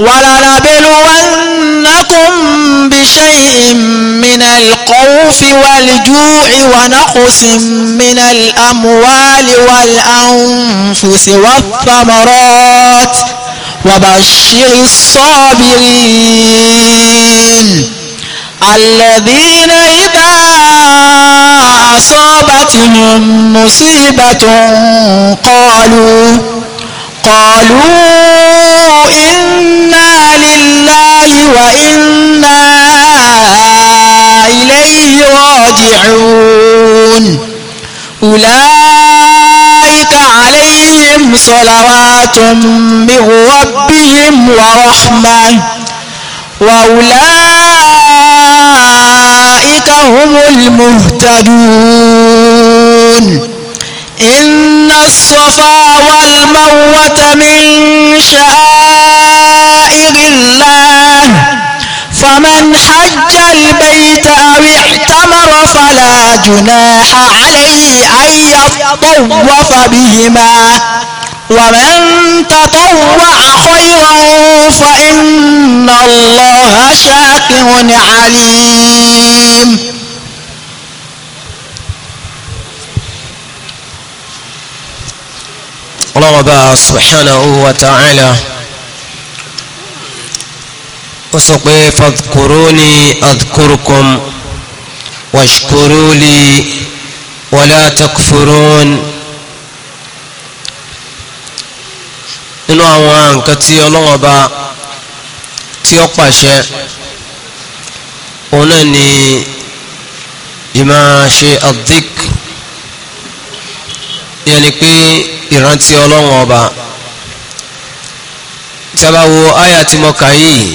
ولنبلونكم بشيء من الخوف والجوع ونقص من الأموال والأنفس والثمرات وبشر الصابرين الذين إذا أصابتهم مصيبة قالوا قالوا إنا لله وإنا إليه راجعون أولئك عليهم صلوات من ربهم ورحمة وأولئك هم المهتدون إن الصفا والمروة من شعائر الله فمن حج البيت أو اعتمر فلا جناح عليه أن يطوف بهما ومن تطوع خيرا فإن الله شاكر عليم ọlọ́run bá subhanahu wa ta'ala ó sọ pé fadkuruni adkurukum washkuruli wala takfurun nínú àwọn nǹkan tí ọlọ́run bá tí ó pàṣẹ òun náà ni ìmáa ṣe adhik yẹn pé ìrántí ọlọ́run ọba tí a bá wo àyà tí mo kà yìí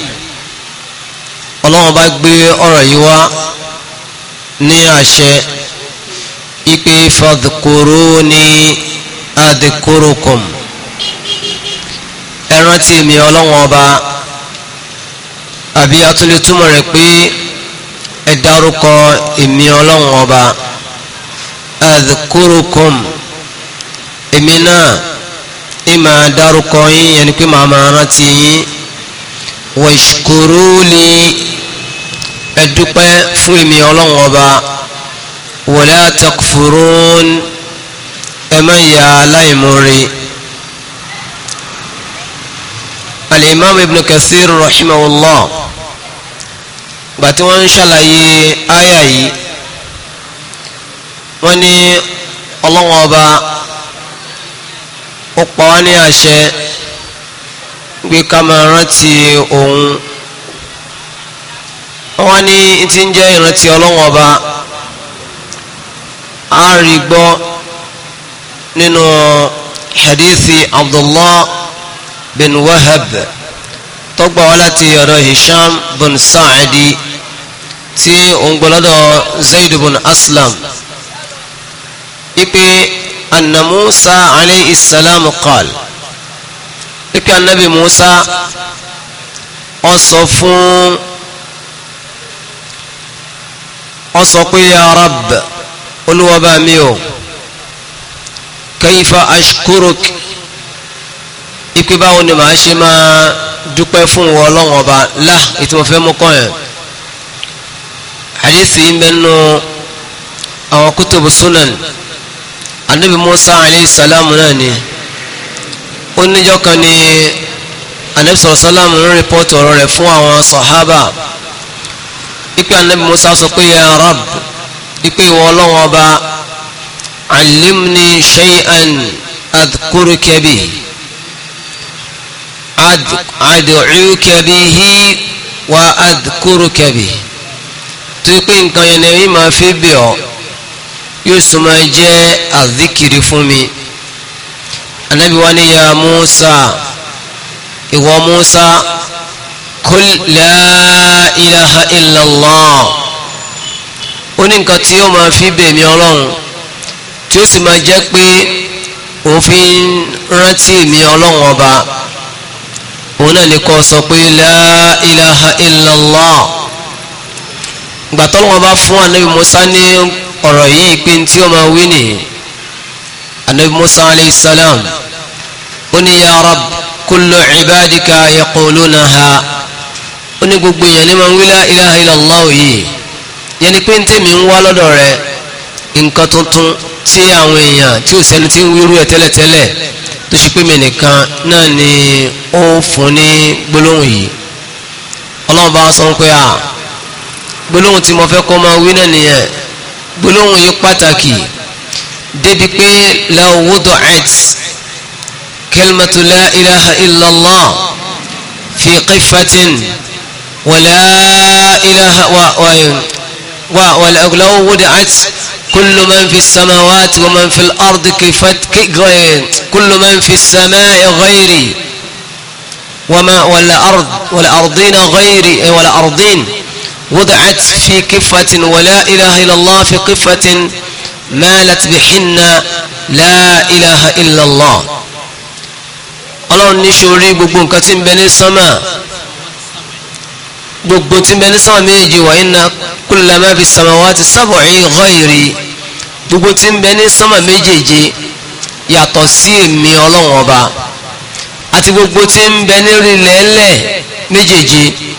ọlọ́run ọba gbé ọ̀rọ̀ yìí wá ní àṣẹ ipe fadhkuruni adhkurukum ẹ rántí mi ọlọ́run ọba àbí atúlẹ̀ túmọ̀ rẹ̀ pé ẹ dárúkọ ọlọ́run ọba adhkurukum èmi náà ìmọ̀ dárúkọ yín yẹn ni pé màá máa rántí yín washkuruli ẹ dúpẹ́ fún èmi ọlọ́run ọba wala takfurun ẹ má ya aláìmoore. al ibn kathir rahimahullah gbàtí wọ́n ń ṣàlàyé àyà yìí wọ́n ní ọlọ́run ọba ó pa wá ní àṣẹ gbé ká máa rántí òun wọ́n ní ti ń jẹ́ ìrántí ọlọ́wọ́n ọba a rí gbọ́ nínú hadithi abdullah bin wahab tọgbà wá láti ọ̀dọ̀ hisham bin sa'adi tí òun gbọ́ lọ́dọ̀ zaid bin aslam ipe anna موسى عليه السلام قال: ipe anabi musa ó sọ fún ó sọ pé ya rab Olúwa bá mi o kayfa ashkuruk ipe báwo ni màá ṣe máa dúpẹ́ fún wọn Ọlọ́run ọba lá ìtumọ̀ fẹ́ mú kọ́ yẹn hadisi ń bẹ́ẹ̀ nù àwọn kutubu sunan anabi musa alayhi salam náà ni ó níjọ́ kan ní anabi sọ̀rọ̀ salam ń rìpọ́tù ọ̀rọ̀ rẹ̀ fún àwọn sọ̀hábà ipe anabi musa sọ pé ya rab ipe ìwọ ọlọ́wọ́n ọba allimni shay'an adhkuruka bihi wa adhkuruka tó ipe nǹkan yẹn ni èyí máa fi bì ọ́ yóò sọ máa jẹ́ àdíkiri fún mi anabi wa ni ya musa ìwọ musa kul la ilaha illallah ó ní nǹkan tí yóò máa fi bèmí ọlọ́run tí ó sì máa jẹ́ pé òun rántí èmi ọlọ́run ọba òun náà ní kọ́ sọ pé la ilaha illallah gbàtọ́lọ́wọ́n bá fún anabi musa ní ọ̀rọ̀ yìí pé tí ó máa wí nìyí anabi musa alayhi salam ó ní ya rab kullu ibadika yaqulunaha ó ní gbogbo èèyàn ní máa ń wí la ilaha illallah yìí yẹn ni pé tèmi ń wá lọ́dọ̀ rẹ nǹkan tuntun tí àwọn èèyàn tí ò sẹ́ni tí ń wírú ẹ tẹ́lẹ̀tẹ́lẹ̀ tó ṣe pé mi nìkan náà ni ó fún ní gbólóhùn yìí ọlọ́run bá sọ pé à gbólóhùn tí mo fẹ́ kó máa wí náà nìyẹn. gbólóhùn yìí pàtàkì débi pé law wudu'at kalimatu la ilaha illallah fi qifatin wala ilaha wa wa wa wala law wudu'at kullu man fi samawati wa man fi al-ardi kifat kullu man fi samai ghairi وما ولا أرض ولا أرضين غيري ولا أرضين وضعت في كفة ولا إله إلا الله في قفة مالت بحنا لا إله إلا الله الله نشوري sori gbogbo السماء. tí ń bẹ ní sánmà gbogbo tí ń bẹ ní sánmà méjì wà inna kulla ma fi samawati sab'i ghayri gbogbo tí ń bẹ ní yàtọ̀ sí èmi ọlọ́run ọba àti gbogbo tí ń rí lẹ́lẹ̀ méjèèje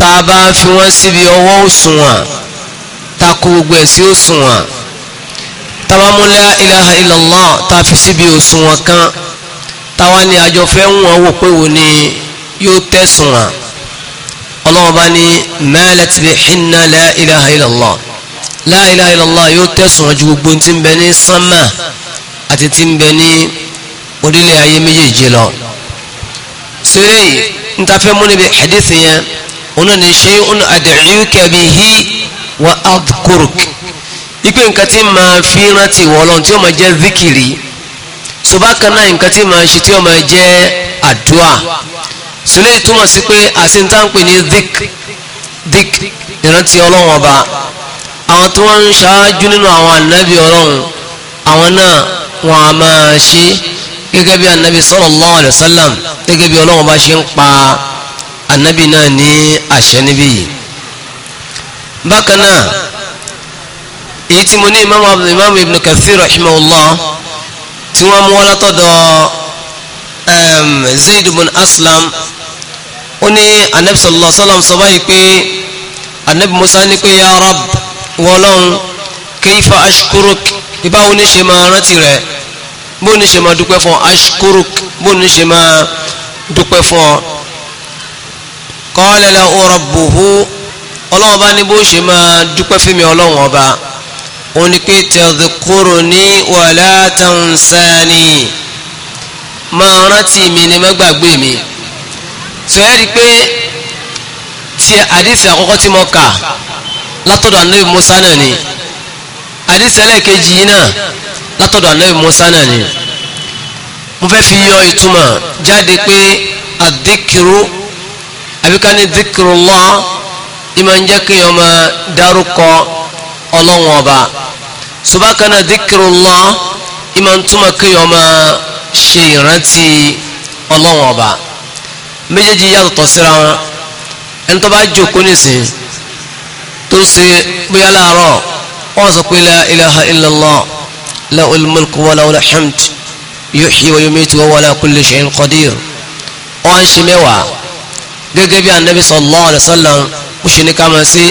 tá a bá fi wọ́n síbi ọwọ́ òṣùwọ̀n takò gbogbo ẹ̀ sí òṣùwọ̀n tabamula ilaha illallah tá a fi síbi òṣùwọ̀n kan táwa ni àjọ fẹ́ ń wọ́n wò pé wò ni yóò tẹ̀sùwọ̀n ọlọ́wọ́n bá ní malat bihinna la ilaha illallah la ilaha illallah yóò tẹ̀sùwọ̀n ju gbogbo tí ń bẹ ní sánmà àti tí ń bẹ ní orílẹ̀ ayé méjèèjì lọ. sèré yìí ń ta fẹ́ mú níbi hadith yẹn òun ni ṣe ń ad'uka bihi wa adhkuruk ipe nǹkan tí máa fi rántí wọ ọlọ́run tí ó máa jẹ́ zikiri so bákan náà nǹkan tí máa ṣe tí ó máa jẹ́ àdúà sílẹ̀ túmọ̀ sí pé àṣìntàǹpẹ̀ ní dik ìrántí ọlọ́run ọba àwọn tí wọ́n ń ṣáájú nínú àwọn ànábì ọlọ́run àwọn náà wọn a máa ṣe gẹ́gẹ́ bí ànábì sallallahu alaihi wasallam gẹ́gẹ́ bí ọlọ́run ọba ṣe ń pa á anabi náà ní àṣẹ níbí yìí bákan náà èyí tí mo ní imam imam ibn kathir rahimahullah tí wọ́n mú wọ́látọ́dọ̀ zayd ibn aslam ó ní anabi sallallahu alaihi wasallam sọ báyìí pé anabi musa ní pé ya rab wọlọ́hun kayfa ashkuruk ìbáwo ní ṣe máa rántí rẹ̀ bó ní ṣe máa dúpẹ́ fún ashkuruk bó ní ṣe máa dúpẹ́ fún ọ qala lahu rabbuhu ọlọ́run ọba ní bó ṣe máa dúpẹ́ fẹ́mi ọlọ́run ọba ó ní pé tadhkuruni wala tansani máa rántí mi ni má gbàgbé mi tó yẹ rí pé ti àdìsí àkọ́kọ́ tí mo kà látọ̀dọ̀ anabi musa náà ni àdìsí ẹlẹ́ẹ̀kejì yìí náà látọ̀dọ̀ anabi musa náà ni mo fẹ́ fi yọ ìtumọ̀ jáde pé àdìkìrú àbíká ní zikrullah ìmọ̀ ń jẹ́ kí èèyàn máa dárúkọ ọlọ́wọ́n ọba subakana zikrullah ìmọ̀ ń túmọ̀ kí èèyàn máa ṣe ìrántí ọlọ́wọ́n ọba méjèèjì yàtọ̀tọ̀ síra wọn ẹni tó bá jókòó nìsín tó ṣe bóyá láàárọ̀ wọ́n sọ pé la ilaha illallah lahul mulku wa lahul hamd yuhyi wa yumitu wa huwa ala kulli shay'in qadir wọ́n á ń ṣe mẹ́wàá gẹ́gẹ́ bí anabi sallallahu alayhi wa sallam ó ṣe ní ká máa ṣe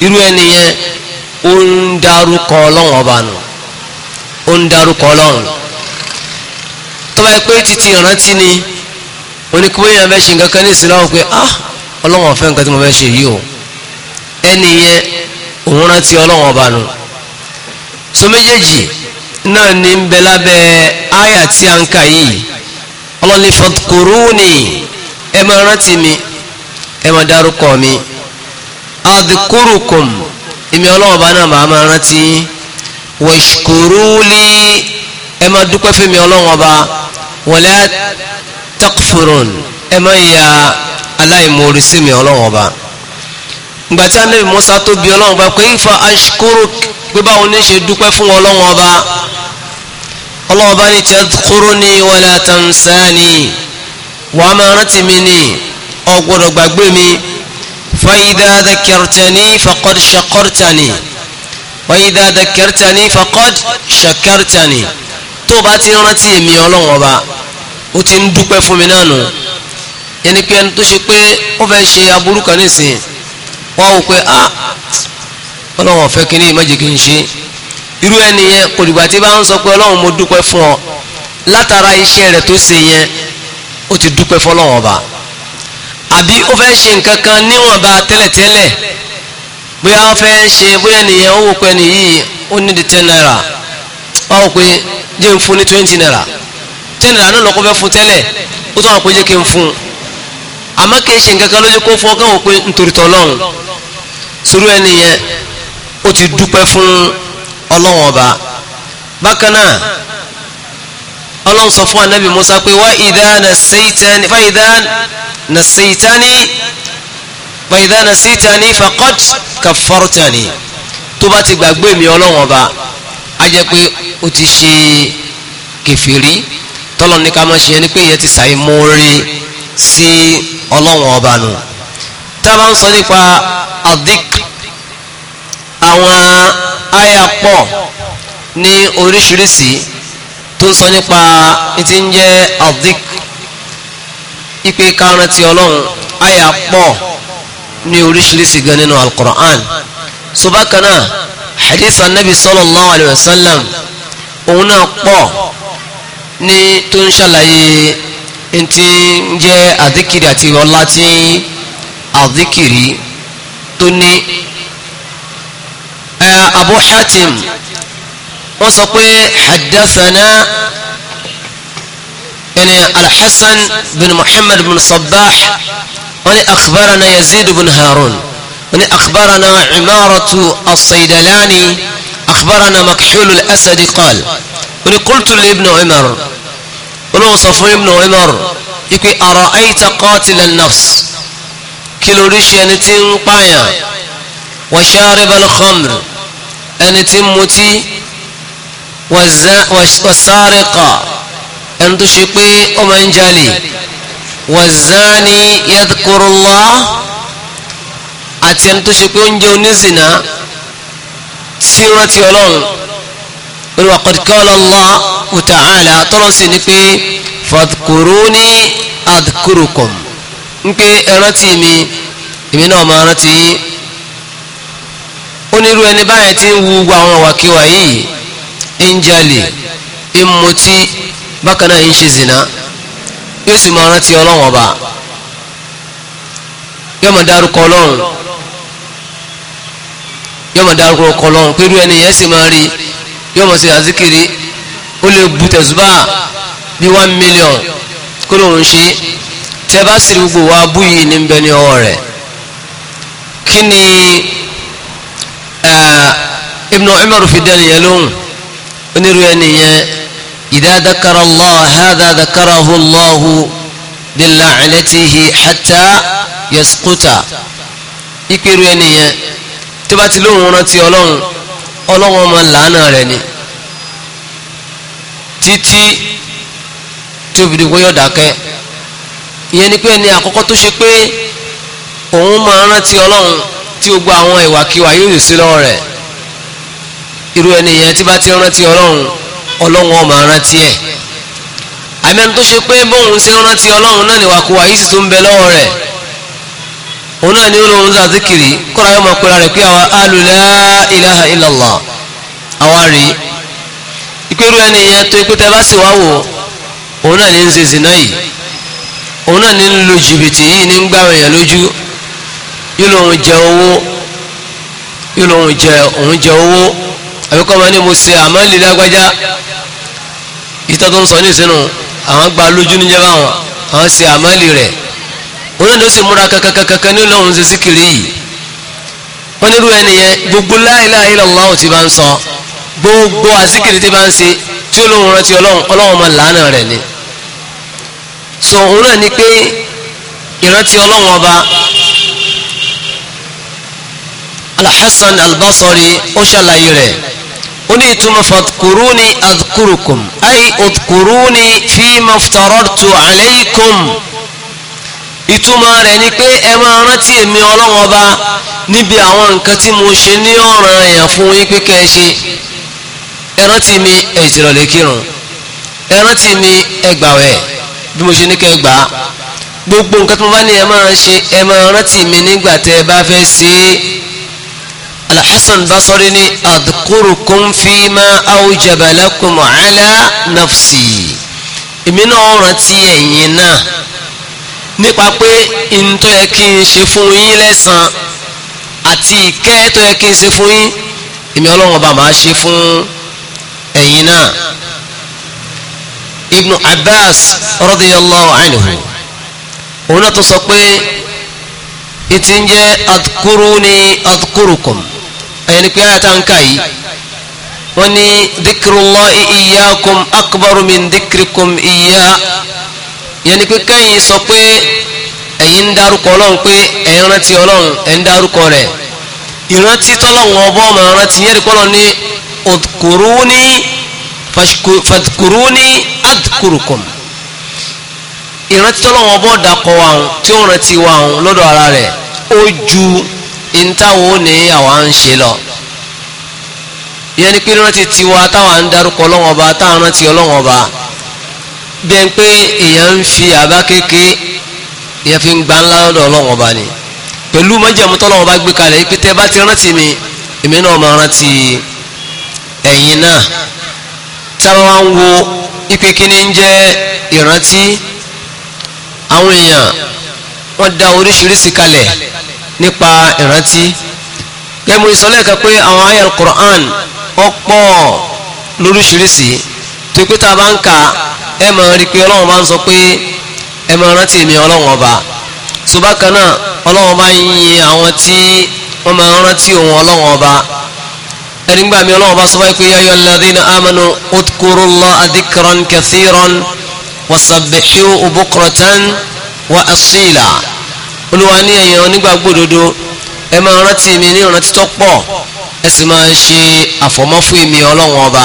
irú ẹni yẹn ó ń dárúkọ ọlọ́run ọba nù ó ń dárúkọ ọlọ́run tó bá pé títí ìrántí ni oníkúwéyàn fẹ́ ṣe nǹkan kan ní ìsìláwọ̀ pé ah ọlọ́run ọ̀fẹ́ nǹkan tí mo fẹ́ ṣe yìí o ẹni yẹn òun rántí ọlọ́run ọba nù so méjèèjì náà ní ń lábẹ́ àyà tí a yìí ọlọ́ni fadkuruni ẹ máa rántí mi ẹ máa dárúkọ mi adhkurukum èmi ọlọ́wọ́ bá náà màá máa rántí yín washkuruli ẹ máa dúpẹ́ fún mi ọlọ́wọ́ bá wala takfurun ẹ máa ya aláìmoore sí mi ọlọ́wọ́ bá gbàtí anabi musa tó bi ọlọ́run pé ifa ashkuru pé báwo ní ṣe dúpẹ́ fún ọlọ́run ọba ọlọ́run ọba ní tadhkuruni wala wà á máa rántí mi ni o gbọ́dọ̀ gbàgbé mi fa idha dhakartani faqad shakartani wa idha dhakartani faqad shakartani tó o bá ti rántí èmi ọlọ́wọ́n ọba ó ti ń dúpẹ́ fún mi náà nù ẹni pé ẹni tó ṣe pé ó fẹ́ ṣe aburú kan nísìnyí wọ́n wò pé ah ọlọ́wọ́n ọ̀fẹ́ kínní ìmọ̀jẹ̀ kì í ṣe irú ẹni yẹn kò dìgbà tí bá ń sọ pé ọlọ́run mo dúpẹ́ fún ọ látara iṣẹ́ rẹ̀ tó ṣe yẹn ó ti dúpẹ́ fọlọ́wọ́n ọba àbí ó fẹ́ ṣe nǹkan kan níwọ̀nba tẹ́lẹ̀tẹ́lẹ̀ bóyá ó fẹ́ ṣe bóyá nìyẹn ó wò pé nìyí ó ní di ten naira wá wò pé jẹ́ n fún ní twenty naira ten naira náà lọ́kọ́ fẹ́ fún tẹ́lẹ̀ ó tún wà pé jẹ́ kí n fún àmọ́ ṣe nǹkan kan lójú kó fún pé sùúrù ti dúpẹ́ fún ọlọ́wọ́n ọba ọlọ́run sọ fún anabi musa pé wá ìdáná sèitani fàìdáná sèitani fàìdáná sèitani fàkọ́t kàfọ́rọ̀tani tó bá ti gbàgbé mi ọlọ́run ọba a jẹ́ pé ó ti ṣe kẹfìrí tọ́lọ̀ ní ká máa ṣe ẹni pé ìyẹn ti sàì mórí sí ọlọ́run ọba nù tá a bá ń sọ nípa adik àwọn àyà ní oríṣiríṣi tó ń sọ nípa ti ń jẹ́ abdik ipe káràntì ọlọ́run àyà pọ̀ ní oríṣiríṣi gan nínú alukur'an subakana hadith anabi sallallahu alayhi wa sallam òun náà pọ̀ ní tó ń ṣàlàyé ntí ń jẹ́ àdíkìrì àti ọlá tí àdíkìrì tó ní abu hatim. وسطي حدثنا يعني الحسن بن محمد بن صباح يعني أخبرنا يزيد بن هارون يعني أخبرنا عمارة الصيدلاني أخبرنا مكحول الأسد قال يعني قلت لابن عمر يعني وصفه ابن عمر يقول أرأيت قاتل النفس كيلو ريش يعني وشارب الخمر أنتم متي wàsáríkà ẹni tó ṣe pé ó máa ń jalè wàzáni yadkurullah àti ẹni tó ṣe pé ó ń jẹ́ oníṣìnà sí rántí ọlọ́run olùwà kọ̀díkọ́lọ́ Allah ta'ala tọ́lọ́ sí ni pé fadkuruni adkurukum ń pé ẹ mi èmi náà máa rántí onírú ẹni báyẹn ti ń wu gbogbo àwọn wàkíwà yìí ń jalè ń mutí bákan náà ń ṣe zina yóò sì máa rántí ọlọ́run ọba yóò máa dárúkọ ọlọ́run yóò máa dárúkọ ọlọ́run pẹ̀lú ẹni yẹn sì máa rí yóò máa ṣe àzíkiri ó lè bu tẹ̀sùbà bí one million kó lóun ṣe tẹ́ bá sì rí gbogbo wa bú yìí ní bẹ ní ọwọ́ rẹ̀ kí ni eh, Ibn Umar fi dẹ́nu yẹn lóhùn onírú ẹni yẹn idha dhakara Allah hadha dhakarahu Allahu bila'natihi hatta yasquta ìpérú ẹni yẹn tó bá ti lóhùn rántí ọlọ́run ọlọ́run ọmọ làánà rẹ̀ ni títí tí obìnrin kò yọ̀ dákẹ́ ìyẹn ni pé ẹni àkọ́kọ́ tó ṣe pé òun máa rántí ọlọ́run tí gbogbo àwọn ìwàkiwà yóò sí lọ́wọ́ rẹ̀ irú ẹni yẹn tí bá ti rántí ọlọ́run ọlọ́run ó máa rántí ẹ̀ àmẹ́ni tó ṣe pé bóun ṣe rántí ọlọ́run náà níwàkuwà yìí sì tún bẹ lọ́wọ́ rẹ̀ òun náà ni ó lóun zà zikiri kọ́ra yóò máa pera rẹ̀ pé àwa alùlá ilaha illallah àwa rí ìpérú ẹni yẹn tó ipé tẹ́lá sì wá wò òun náà ní ń ṣe zìnà yìí òun náà ní ń lo jìbìtì yìí ní ń èèyàn lójú yóò lóun jẹ owó yóò lóun jẹ òun jẹ owó àbíkọ́ ma ní mo ṣe àmọ́ lè lágbájá ìtọ́ tó ń sọ ní ìsinú àwọn gba lójú níjẹ́ báwọn àwọn ṣe àmọ́ lè rẹ̀ òun ló sì múra kankankankan ní lọ́hùn ṣe síkiri yìí wọ́n nírú ẹni gbogbo la ilaha ti bá ń sọ gbogbo àsíkiri ti bá ń ṣe tí olóhùn rántí ọlọ́hùn ọlọ́hùn ọmọ làánà rẹ̀ ni so òun náà ni pé ìrántí ọlọ́hùn ọba alhassan albasori ó ṣàlàyé rẹ̀ ó ní ìtumọ̀ fàtkùrúni adhkurukum ay udhkuruni fima aftarartu alaykum ìtumọ̀ rẹ̀ ni pé ẹ máa rántí èmi ọlọ́run ọba níbi àwọn nǹkan tí mo ṣe ní ọ̀ràn èèyàn fún yín pé kẹ́ ẹ ṣe ẹ rántí mi ẹ ìtìrọ̀ lè kírun ẹ rántí mi ẹ gbàwẹ̀ bí mo ṣe ní kẹ́ ẹ gbà á gbogbo nǹkan tí mo bá ní ẹ máa ṣe ẹ máa rántí mi nígbà tẹ́ ẹ bá fẹ́ ṣe é alhassan basori ni adkurukum fima awjaba lakum ala nafsi èmi náà rántí ẹ̀yin náà nípa pé ntọ́ yẹ kí n ṣe fún yín lẹ́sàn àti ìkẹ́ tó yẹ kí n ṣe fún yín èmi ọlọ́run ọba máa ṣe fún ẹ̀yin náà ibnu abbas radiyallahu anhu òun náà tó sọ pé ìtìjẹ́ adkuruni adkurukum ẹ̀yẹn ni pé ayata ń kà yìí wọ́n ní dhikrullahi iyyakum akbaru min dhikrikum iya ìyẹn ni pé kẹ́yìn sọ pé ẹ̀yin ń darúkọ ọlọ́run pé ẹ̀yin rántí ọlọ́run ẹ̀ ń darúkọ rẹ̀ ìrántí tọ́lọ́run ọbọ̀ ọmọ rántí yẹn ni kọ́lọ́ ní udkuruni fadkuruni adkurukum ìrántí tọ́lọ́run ọbọ̀ dàkọ̀ wa tí ó rántí wa lọ́dọ̀ ara rẹ̀ ó ju ìntàwọn ò ní àwa ń ṣe lọ ìyẹn ni pé rántí tiwa táwa ń darúkọ ọlọ́wọ́n ọba táwa rántí ọlọ́wọ́n ọba bẹ́ẹ̀ pé èèyàn ń fi àbá kéke èèyàn fi ń gba ńlá lọ́dọ̀ ọlọ́wọ́n ọba ni pẹ̀lú májẹ̀mú tọ́lọ́wọ́n ọba gbé kalẹ̀ pé tẹ́ bá ti rántí mi èmi náà máa rántí ẹ̀yin náà táwa wá ń wo ipe kíní ń jẹ́ ìrántí àwọn èèyàn wọ́n da oríṣiríṣi kalẹ̀ nípa ìrántí kẹmú ìsọlẹ́ẹ̀kan pé àwọn ayé alukur'an ọ̀pọ̀ lóríṣiríṣi tó pé tá a bá ń kà ẹ mọ̀ rí pé ọlọ́run bá ń sọ pé ẹ mọ̀ rántí mi ọlọ́run ọba ṣùgbọ́n kan náà ọlọ́run bá ń yin àwọn tí wọ́n máa rántí òun ọlọ́run ọba ẹni gbà mí ọlọ́run bá sọ wáyé pé ya ayyuhal ladhina amanu udkurullaha dhikran kathiran wasabbihuhu bukratan wa asila olúwa ní ẹ̀yin onígbàgbọ́ òdodo ẹ máa rántí mi ní ìrántí tó pọ̀ ẹ sì máa ṣe àfọ̀mọ́ fún èmi ọlọ́run ọba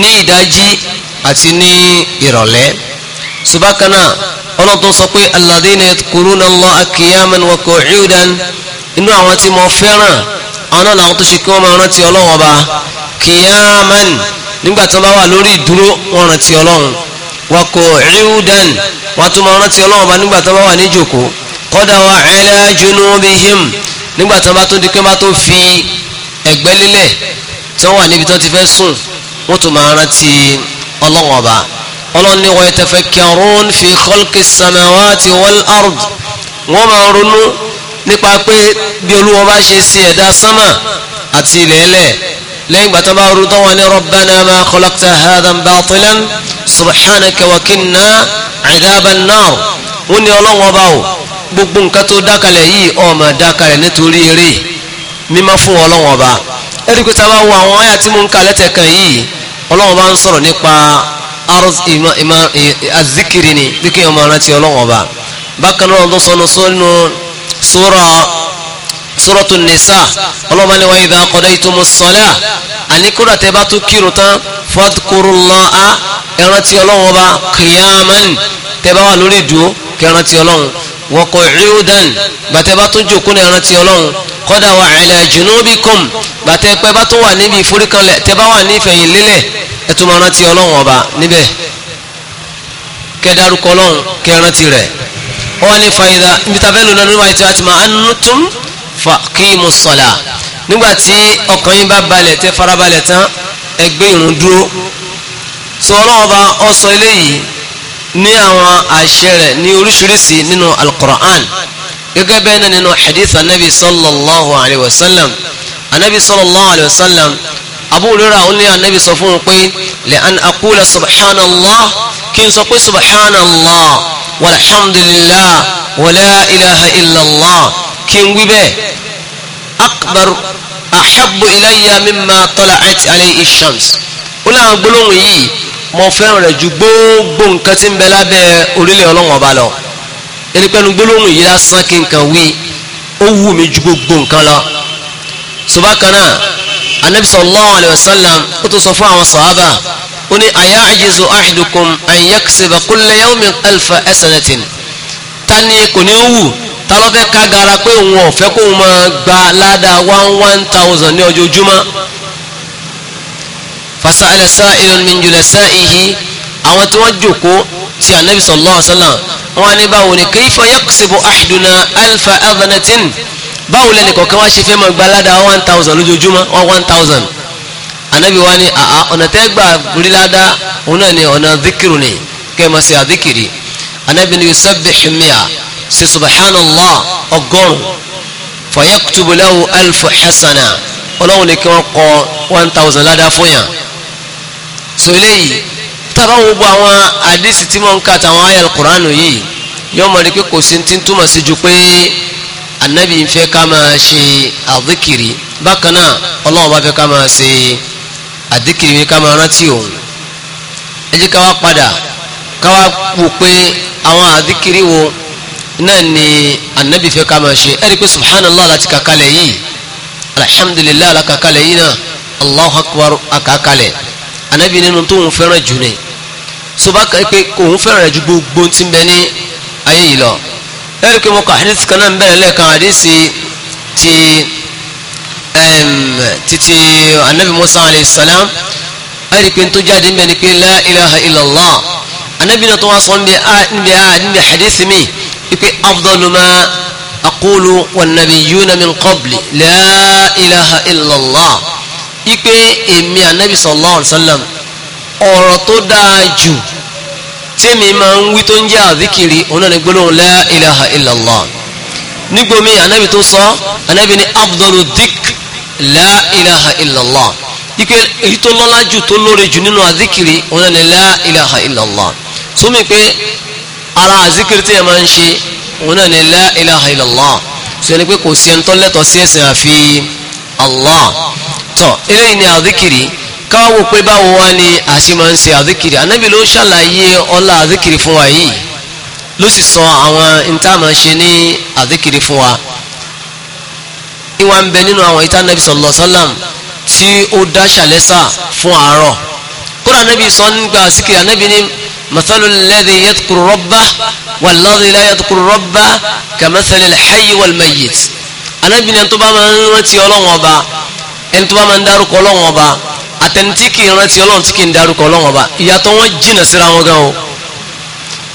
ní ìdájí àti ní ìrọ̀lẹ́ subakana ọlọ́tún sọ pé alladhina yadhkuruna Allaha qiyaman wa qu'udan inú àwọn tí mo fẹ́ràn àwọn náà làwọn tó ṣe kí wọ́n máa rántí ọlọ́run ọba qiyaman nígbà tí wọ́n bá wà lórí ìdúró wọ́n rántí ọlọ́run wa qu'udan wọ́n tún máa rántí ọlọ́run ọba nígbà tí wọ́n bá wà ní ìjòkó kọ́dà wa ala junubihim nígbà tí wọ́n bá tó di pé wọ́n bá tó fi ẹ̀gbẹ́ lélẹ̀ tí wọ́n wà níbi tó ti fẹ́ sùn wọ́n tún máa rántí ọlọ́wọ́n ọba ọlọ́run ní wa yatafakkarun fi khalqis samawati wal ard wọ́n máa ronú nípa pé bí olúwa bá ṣe sí ẹ̀dá sánmà àti ilẹ̀ lẹ́yìn ìgbà tó bá ronú tó wọn ní rabbana ma khalaqta hadhan batilan subhanaka wa gbogbo nǹkan tó dákalẹ̀ yìí ọmọ dákalẹ̀ nítorí eré mímọ́ fún ọlọ́wọ́n ọba ẹ̀rí pé tábà wo àwọn àyà tí mo ń ka lẹ́tẹ̀kan yìí ọlọ́wọ́n bá ń sọ̀rọ̀ nípa azikiri ni bí kí ọmọ rántí ọlọ́wọ́n ọba bákan náà ló sọ nínú sura suratu nisa ọlọ́wọ́n ni wa idha qadaytumus salah àníkúrò tẹ́ bá tó kírun tán fadkurullaha ẹ ọlọ́wọ́n ọba qiyaman tẹ́ bá wà lórí ìdúró kẹ́ ọlọ́wọ́n wa qu'udan bàtẹ́ bá tún jòkó ní ìrántí ọlọ́run kọ́dà wa ala junubikum bàtẹ́ pẹ́ bá tún wà níbi ìforíkanlẹ̀ tẹ́ bá wà ní ìfẹ̀yìn lélẹ̀ ẹ tún ọlọ́run ọba níbẹ̀ kẹ́ ọlọ́run kẹ́ rẹ̀ ó wá ní fàyídà níbi tàbẹ́ lónà ní àwọn àṣẹ rẹ̀ ní oríṣiríṣi nínú al-Qur'an gẹ́gẹ́ bẹ́ẹ̀ náà nínú hadith anabi sallallahu alayhi wa sallam anabi sallallahu alayhi wa sallam abu rira ó ní anabi sọ fún un pé lè an akula subhanallah kí n sọ pé subhanallah walhamdulillah wala ilaha illallah kí n wí bẹ́ẹ̀ akbar ahabu ilayya mimma tala'at alayhi shams ó láwọn gbólóhùn yìí mo fẹ́ràn rẹ̀ ju gbogbo nǹkan tí ń bẹ lábẹ́ orílẹ̀ ọlọ́wọ́n ọba lọ ẹni pẹ́nu gbólóhùn yìí lásán kí nǹkan wí ó wù mí ju gbogbo nǹkan lọ subakana anabi sallallahu alayhi wa sallam ó tún sọ fún àwọn sàhábà ó ní aya ajizu ahidukum an yaksiba kulla yawmin alfa asanatin ta ni kò ní wù ta ló fẹ́ ká gara pé òun ò fẹ́ kó òun máa gba ládàá one one thousand ní ọjọ́ ojúmọ́ fasa'ala sa'ilun min julasa'ihi àwọn tí wọ́n jòkó ti anabi sallallahu alaihi wasallam wọ́n ní báwo ni kayfa yaqsibu ahaduna alfa adhanatin báwo lẹ́nu kọ̀ọ̀kan wá ṣe fẹ́ mọ̀ gbalada one thousand lójoojúmọ́ one thousand anabi wa ni àá ọ̀nà tẹ́ gbà rílada òun náà ni ọ̀nà dhikiru ni kẹ́ mọ̀ sí àdhikiri anabi ni yusabbih mi'a sí subhanallah ọgọ́rùn-ún lahu alfa hasana ọlọ́run ni kí wọ́n kọ one thousand ládàá fún yàn so eléyìí tábà wo gbogbo àwọn àdìsí tí wọ́n ń ka àtàwọn ayé alukuraanu yìí yóò mọ̀ ní pé kò sí ti ń túmọ̀ sí ju pé anabi ń fẹ́ ká máa ṣe àdìkìrì bákan náà ọlọ́run bá fẹ́ ká máa ṣe àdìkìrì ní ká máa rántí òun ẹ ká wá padà ká wá wò pé àwọn àdìkìrì wo náà ni anabi fẹ́ ká máa ṣe ẹ pé subhanallah láti kàkálẹ̀ yìí alhamdulilayi alákàkálẹ̀ yìí náà allahu akbar akákalẹ̀ anabi nínú tó ń fẹ́ràn jù ni soba kan pé òun fẹ́ràn ju gbogbo tí ń bẹ ní ayé yìí lọ ẹ̀rí pé mo kà hadith kan náà ń bẹ̀rẹ̀ lẹ́ẹ̀kan hadith ti titi anabi musa alayhi salam ẹ̀rí pé tó jáde ń bẹ ni pé la ilaha illallah náà tó wá sọ ń bẹ hadith mi pé afdalu ma aqulu wan nabiyyuna min qabli la ilaha illallah ipe èmi ànábì sallallahu alaihi wasallam ọ̀rọ̀ tó dáa jù tèmi máa ń wí tó ń jẹ́ àdíkiri òun náà ni gbólóhùn la ilaha illallah nígbòmí ànábì tó sọ ànábì ni afdalu dik la ilaha illallah ipe èyí tó lọ́lá jù tó lóore jù nínú àdíkiri òun náà ni la ilaha illallah sómi pé ara àdíkiri tí yẹn máa ń ṣe òun náà ni la ilaha sọ yẹn ni pé kò sí ẹni tó sí ẹ̀sìn àfi Allah tọ̀ eléyìí ni àdíkìrì káwọ́ pé báwo wá ni a ṣe máa ń ṣe àdíkìrì anábì ló ṣàlàyé ọlá àdíkìrì fún wa yìí ló sì sọ àwọn ìtààmà ṣe ní àdíkìrì fún wa ní wọ́n ń bẹ nínú àwọn ìtàn nàbì sallallahu alaihi tí ó dá ṣàlẹ́sà fún àárọ̀ kódà nàbì sọ nígbà síkìrì anábì ní مثل الذي يذكر ربه والذي لا يذكر ربه كمثل الحي والميت anábìnrin tó bá máa ń rántí ọlọ́run ọba ẹni tó bá máa ń dárúkọ ọlọ́run ọba àtẹni tí kì í rántí ọlọ́run tí kì í dárúkọ ọlọ́run ọba ìyàtọ̀ wọn jìnà síra wọn gan o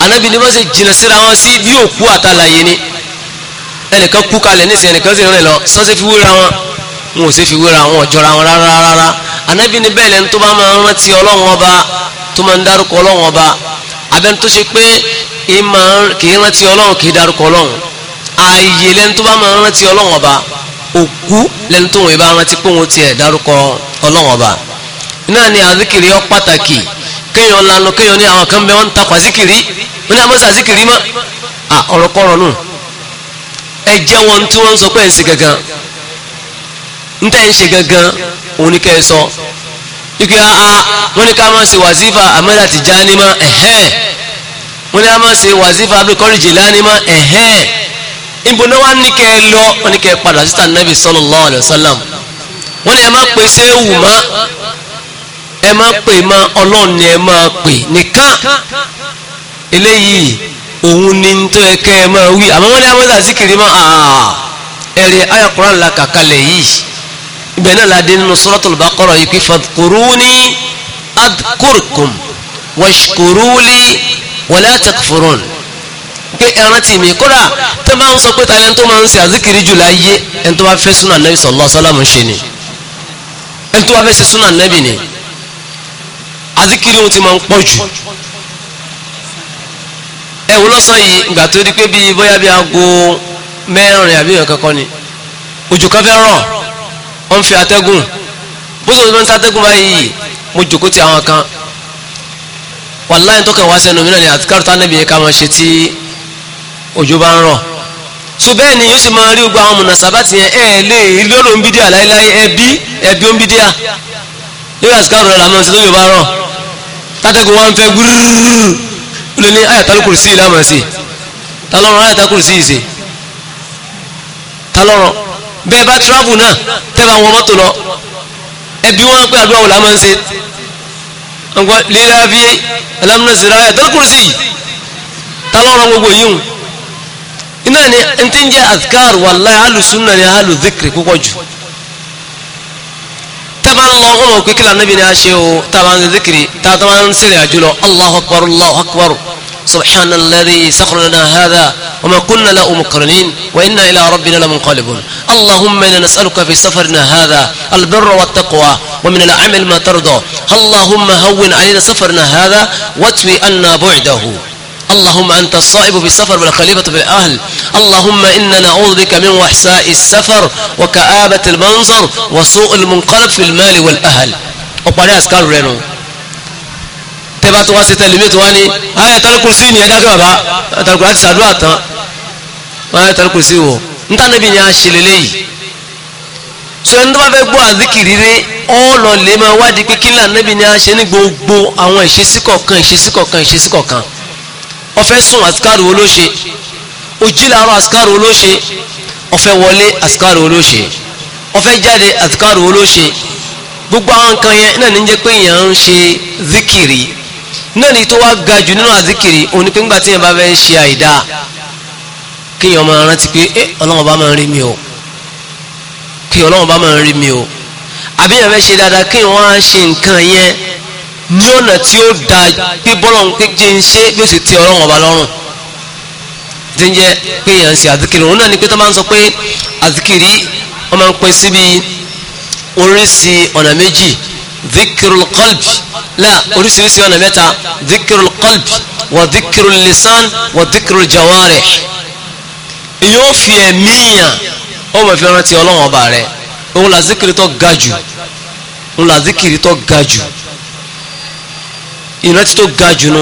anábì ní bá ṣe jìnà síra wọn sí bí òkú àtàlàyé ni ẹnìkan kú kalẹ̀ nísìnyí ẹnìkan sì rìn lọ sọ́n ṣe fi wéra wọn wọn ò sì fi wéra wọn jọra wọn rárá rárá anábì bẹ́ẹ̀ lẹ́nu tó bá máa ń rántí ọlọ́run ọba tó máa ń dárúkọ ọlọ́run ọba abẹ́ni tó ṣe pé kì í rántí ọlọ́run kì í dárúkọ ọlọ́run ààyè lẹ́nu tó bá máa ń rántí ọlọ́run ọba òkú lẹ́nu tó wọn bá wọn ti òun tiẹ̀ dárúkọ ọlọ́wọ́n ọba náà ni ọ pàtàkì kéèyàn lanu kéèyàn ní àwọn kan bẹ wọn ń takọ àzíkiri wọn ní àmọ́sí àzíkiri mọ́ à ọ̀rọ̀ nù ẹ jẹ́ wọn tí wọ́n ń sọ pé ẹ̀ ń ṣe gangan ń tẹ́ ń ṣe gangan òun ni kẹ́ ẹ sọ ike ní ká máa ṣe níbo náà wá ní kẹ́ ẹ lọ wọ́n ní kẹ́ ẹ padà síta nàbì sallallahu alaihi wasallam wọ́n ní ẹ má pè ṣé wù má ẹ má pè má ọlọ́run ni ẹ má pè nìkan eléyìí òun ni tó ẹ kẹ́ ẹ má wí àmọ́ wọ́n ní amọ́sá síkìrì má ẹ̀rẹ̀ ayọ̀ Qur'an la kàkalẹ̀ yìí ibẹ̀ náà la dé nínú suratul Baqara yìí pé fadkuruni adkurkum washkuruli wala takfurun pé ẹran tì mí kódà tó máa ń sọ pé talẹ́ tó máa ń ṣe àzíkiri jù láyé ẹni tó bá fẹ́ súnà nẹ́bí sallallahu alaihi wasallam ṣe ni ẹni tó bá fẹ́ ṣe súnà nẹ́bí ni àzíkiri ohun ti máa ń pọ̀ jù ẹ̀wù lọ́sàn yìí ìgbà tó di pé bíi bóyá bíi aago mẹ́rin àbí ìyàn kankan ni òjò kan fẹ́ rọ̀ wọ́n fi atẹ́gùn bó sọ fún atẹ́gùn báyìí mo jòkó ti àwọn kan wàláyé tó kàn wá sẹ́nu mi náà ni àtikárùtà nẹ́bí yẹn ká máa ṣe tí òjò bá ń rọ̀ so bẹ́ẹ̀ ni yóò sì máa rí gbogbo àwọn mọ̀nà sábàtì yẹn ẹ̀ lè lọ́rọ̀ ń bídíà láíláí ẹbí ẹbí ó ń bídíà lórí àsìkárò rẹ̀ làmọ́ sí lórí bá rọ̀ tátẹ́gùn wọn fẹ́ gbúrúrú ó lè ní àyàtàlù kùrìsì ìlàmọ̀ sí ta lọ́rọ̀ àyàtàlù kùrìsì yìí sí ta lọ́rọ̀ bẹ́ẹ̀ bá tíráàbù náà tẹ́bà wọn mọ́tò lọ ẹbí wọn pé àdúrà wò làmọ́ sí إناني أنتين جاء أذكار والله أهل السنة أهل الذكر كوكوجو تبع الله أمه كيكلا النبي ناشيو تبع الذكر تبع السنة أجلو الله أكبر الله أكبر سبحان الذي سخر لنا هذا وما كنا له مقرنين وإنا إلى ربنا لمنقلبون اللهم إنا نسألك في سفرنا هذا البر والتقوى ومن العمل ما ترضى اللهم هون علينا سفرنا هذا واتوي أنا بعده اللهم أنت الصائب في السفر والخليفة في الأهل اللهم إنا نعوذ بك من وحساء السفر وكآبة المنظر وسوء المنقلب في المال والأهل وقال أسكار رينو tẹ́bá tó wá sí tẹ́lẹ̀mí tó wá ní ayẹ́tàlùkù sí ní ẹ̀dá gbàbá ẹ̀tàlùkù láti sàdúrà tán ayẹ́tàlùkù sí wọ̀ nítànẹ́bí ni a ṣe lélẹ́ yìí so ẹni tó bá fẹ́ gbọ́ àdíkìrí rí ọ̀ọ́lọ̀ lè máa wádìí pé kí lànàbí ni a ṣe ní gbogbo àwọn ìṣesí kọ̀ọ̀kan ìṣesí kọ̀ọ̀kan ìṣesí kọ̀ọ̀kan ọfẹ́ sùn àsìkárù wo ló ṣe ojí làárọ̀ àsìkárù wo ló ṣe ọfẹ́ wọlé àsìkárù wo ló ṣe ọfẹ́ jáde àsìkárù wo ló ṣe gbogbo àwọn nǹkan yẹn náà ní jẹ́ pé èèyàn ń ṣe zikiri náà ní tó wá ga jù nínú àzikiri òní pé ńgbà tí èèyàn bá fẹ́ ṣe àìdá kéèyàn máa rántí pé ẹ eh, ọlọ́run bá máa ń rí mi o kéèyàn ọlọ́run bá máa ń rí mi o àbí èèyàn fẹ́ ṣe dáadáa kéèyàn wá ṣe nǹkan yẹn ní ọ̀nà tí ó da pé bọ́lọ̀n pé jẹ́ ń ṣe bí ó sì ti ọlọ́run ọba lọ́rùn tí ń jẹ́ pé èèyàn ń ṣe àdìkiri òun náà ni pé tó máa ń sọ pé àdìkiri wọ́n máa ń pín síbi oríṣi ọ̀nà méjì dhikirul qalbi la oríṣiríṣi ọ̀nà mẹ́ta dhikirul qalbi wa dhikirul lisan wa dhikirul jawarih yóò fi ẹ̀mí yàn ó mọ̀ fi rántí ọlọ́run ọba rẹ̀ òun làzikiri tó ga jù òun làzikiri tó ga jù ìrántí tó ga jù nù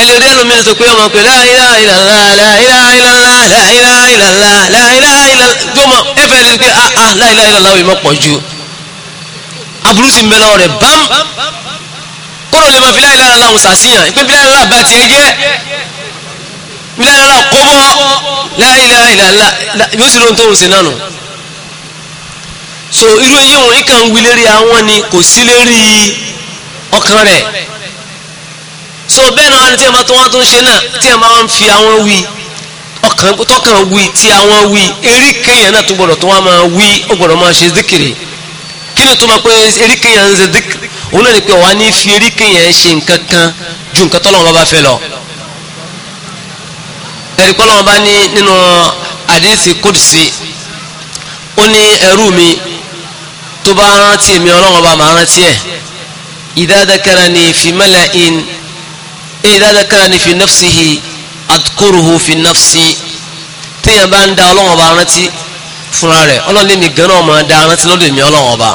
ẹlẹ́rìí ẹlòmíràn sọ pé ọmọ pé láìlá ìlàlá láìlá ìlàlá láìlá ìlàlá láìlá ìlàlá gbọ́mọ ẹ̀fẹ̀ lè pé àà láìlá ìlàlá òye mọ̀ pọ̀ ju aburú sì ń bẹ lọ́wọ́ rẹ̀ bám kóró lè mọ filáyìí lára láwọn sàṣìyàn ìpín filáyìí lára bá tiẹ̀ jẹ́ filáyìí lára kó mọ́ láìláìláì yóò sì lóhun tó ń ṣe náà nù so irú eyín òun ìkà ń wí lérí àwọn ni kò sí lérí ọkàn rẹ̀ so bẹ́ẹ̀ náà ni tí ẹ máa tó wá tó ń ṣe náà tí ẹ máa ń fi àwọn wí ọkàn tọkàn wí tí àwọn wí eríkèyàn náà tó gbọdọ̀ tó wá máa wí ó gbọdọ̀ máa ṣe zikiri kí ni tó máa pé eríkèyàn ń ṣe zikiri òun náà ni pé ọ̀wá ní fi eríkèyàn ṣe nǹkan kan ju nǹkan tọ́lọ́wọ́n bá fẹ́ lọ ẹ̀rí pọ́lọ́wọ́n bá ní nínú àdéhìsí kódìsí ó ní ẹrú mi tó bá rántí èmi ọlọ́wọ́n bá máa rántí ẹ̀ إذا ذكرني في ملأ إذا ذكرني في نفسه أذكره في نفسي téèyàn bá ń da ọlọ́wọ́n ọba rántí fúnra rẹ̀ ọlọ́run lèmi gan náà máa أبا rántí lọ́dọ̀ èmi ọlọ́wọ́n ọba.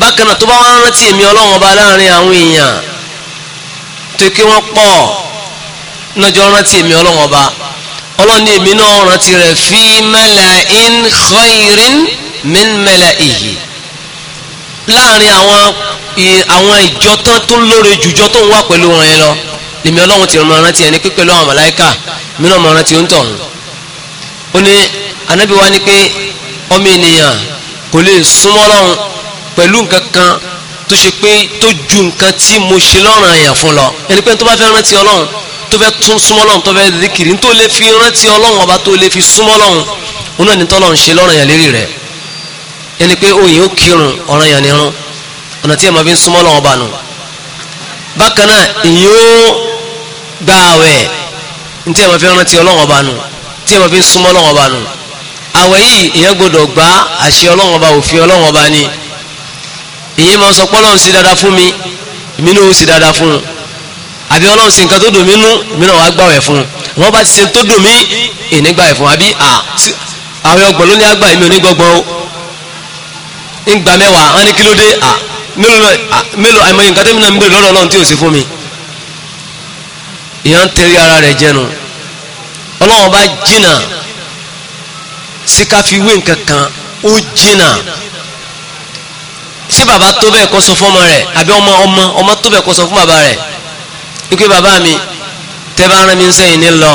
bákan náà tó bá wá rántí èmi ọlọ́wọ́n ọba láàrin àwọn èèyàn tó kí wọ́n pọ̀ lọ́jọ́ rántí èmi ọlọ́wọ́n ọba ọlọ́run ní èmi náà rántí rẹ̀ fi mẹ́lẹ̀ in khairin min mẹ́lẹ̀ èyí láàrin àwọn àwọn ìjọ tán tó lóore jùjọ tó ń wà pẹ̀lú wọn yẹn lọ lèmi ọlọ́run ti rán rántí ẹni pé pẹ̀lú àwọn màláìka mi náà mọ̀ rántí ó ń tọ̀ ó ní anábì wa ni pé ọmọ ènìyàn kò lè súnmọ́ ọlọ́run pẹ̀lú nǹkan kan tó ṣe pé tó ju nǹkan tí mo ṣe lọ́rùn àyàn fún lọ ẹni pé tó bá fẹ́ rántí ọlọ́run tó fẹ́ tún súnmọ́ ọlọ́run tó fẹ́ zikiri tó lè fi rántí ọlọ́run ọba tó lè fi súnmọ́ ọlọ́run òun náà ní tọ́lọ́run ṣe lọ́rùn àyàn lérí rẹ̀ yẹni pé òyìn ó kírun ọ̀ràn yàn nírun ọ̀nà tí ẹ̀mọ́ fi ń súnmọ́ lọ́wọ́ bànú bákan náà èyí ó gba àwẹ̀ ntí ẹ̀mọ́ fi rántí ọlọ́wọ́ bànú tí ẹ̀mọ́ fi ń súnmọ́ lọ́wọ́ bànú àwẹ̀ yìí èyàn gbọdọ̀ gba àṣẹ ọlọ́wọ́ bá òfin ọlọ́wọ́ bá ní èyí máa sọ pé ọlọ́run sì dáadáa fún mi èmi náà ó sì dáadáa fún un àbí ọlọ́run sì nǹkan tó dùn mí nú èmi náà wàá gbàwẹ̀ fún un wọ́n bá ti ṣe tó dùn mí èyí nígbà ẹ̀fọn àbí àwọn ọgbọ̀n ló ní àgbà èmi ò ní gbọ́gbọ́n o ń gba mẹ́wàá wọn ní kí ló dé à mélòó àìmọye nǹkan tẹ́mi náà ń gbèrè lọ́dọ̀ ọlọ́run tí ò sí fún mi ìyá ń tẹ̀rí ara rẹ̀ jẹnu ọlọ́run bá jìnà sí ká fi wé nǹkan kan ó jìnà ṣé bàbá tó bẹ́ẹ̀ kọ́ sọ fún rẹ̀ àbí ọmọ ọmọ ọmọ tó bẹ́ẹ̀ kọ́ sọ fún bàbá rẹ̀ wípé bàbá mi tẹ́ bá rán mi sẹ́yìn ní lọ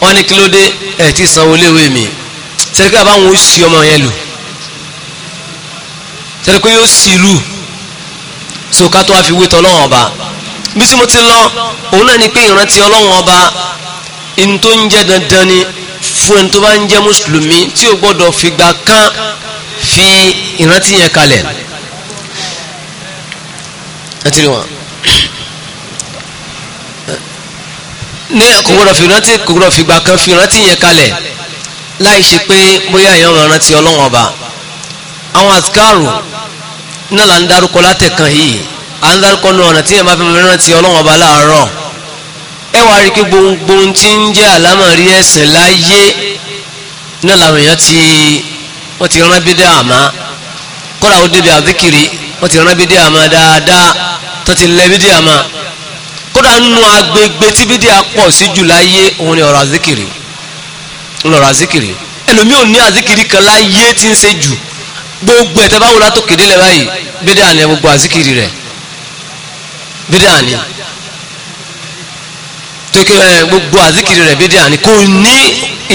wọ́n ní kí ló dé ẹ̀ tí sanwó léwé mi sẹ́ríkà báwọn ó sì ọmọ yẹn lò tẹ́lẹ̀ pé yóò sì lù so ká tó wá fi wé tọ́lọ́wọ́n ọba bí tí mo ti lọ òun náà ni pé ìrántí ọlọ́wọ́n ọba in tó ń jẹ́ dandan ni fún ẹni tó bá ń jẹ́ mùsùlùmí tí ò gbọ́dọ̀ fìgbà kan fi ìrántí yẹn kalẹ̀ ní kò gbọ́dọ̀ fi ìrántí kò gbọ́dọ̀ fìgbà kan fi ìrántí yẹn kalẹ̀ láì ṣe pé bóyá èèyàn rántí ọlọ́wọ́n ọba àwọn àtikáàrù náà là ń darúkọ látẹ̀kàn yìí à ń darúkọ náà ọ̀nà tí yẹn máa fi mọ rántí ọlọ́wọ́n ọba láàárọ̀ ẹ wá rí kí gbogbo tí ń jẹ́ àlámọ̀rí ẹ̀sìn láyé náà làwọn èèyàn ti wọ́n ti rán bídẹ́ àmá kọ́ra ó débi àbíkiri wọ́n ti rán bídẹ́ àmá dáadáa tó ti lẹ́ bídẹ́ àmá kódà nínú agbègbè tí bídẹ́ àpọ̀ sí jù láyé òun ni ọ̀rọ̀ àzíkiri ńlọrọ̀ àzíkiri ẹlòmíì ò ní àzíkiri kan láyé tí ń ṣe jù gbogbo ẹ̀tẹ́ bá wù látò kéde lẹ́ báyìí bídà ni gbogbo àzíkiri rẹ̀ bídà ni tókè ẹ gbogbo àzíkiri rẹ̀ bídà ni kò ní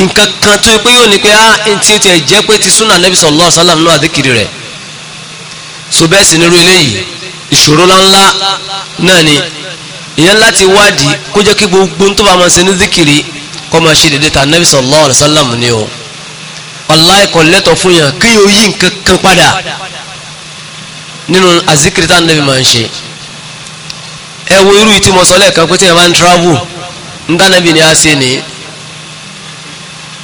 nǹkan kan tó pé yóò ní pé á ah, tí ó ti ẹ̀ jẹ́ pé ti súnà nẹ́bí sallallahu alaihi wasallam náà àzíkiri rẹ̀ so bẹ́ẹ̀ sì nírú eléyìí ìṣòro ńláńlá náà ni ìyẹn láti wádìí kó jẹ́ kí gbogbo tó bá máa ṣe ní zíkiri kó máa ṣe dédé ta nẹ́bí sallallahu alaihi wasallam ni o wàláì kò lẹ́tọ̀ fún yàn kí yóò yí nǹkan kan padà nínú azikiri tá nàbí máa ń ṣe ẹ wo irú ìtumọ̀ sọ lẹ́ẹ̀kan pé tí ẹ máa ń travel nígbà nàbí ni a ṣe ní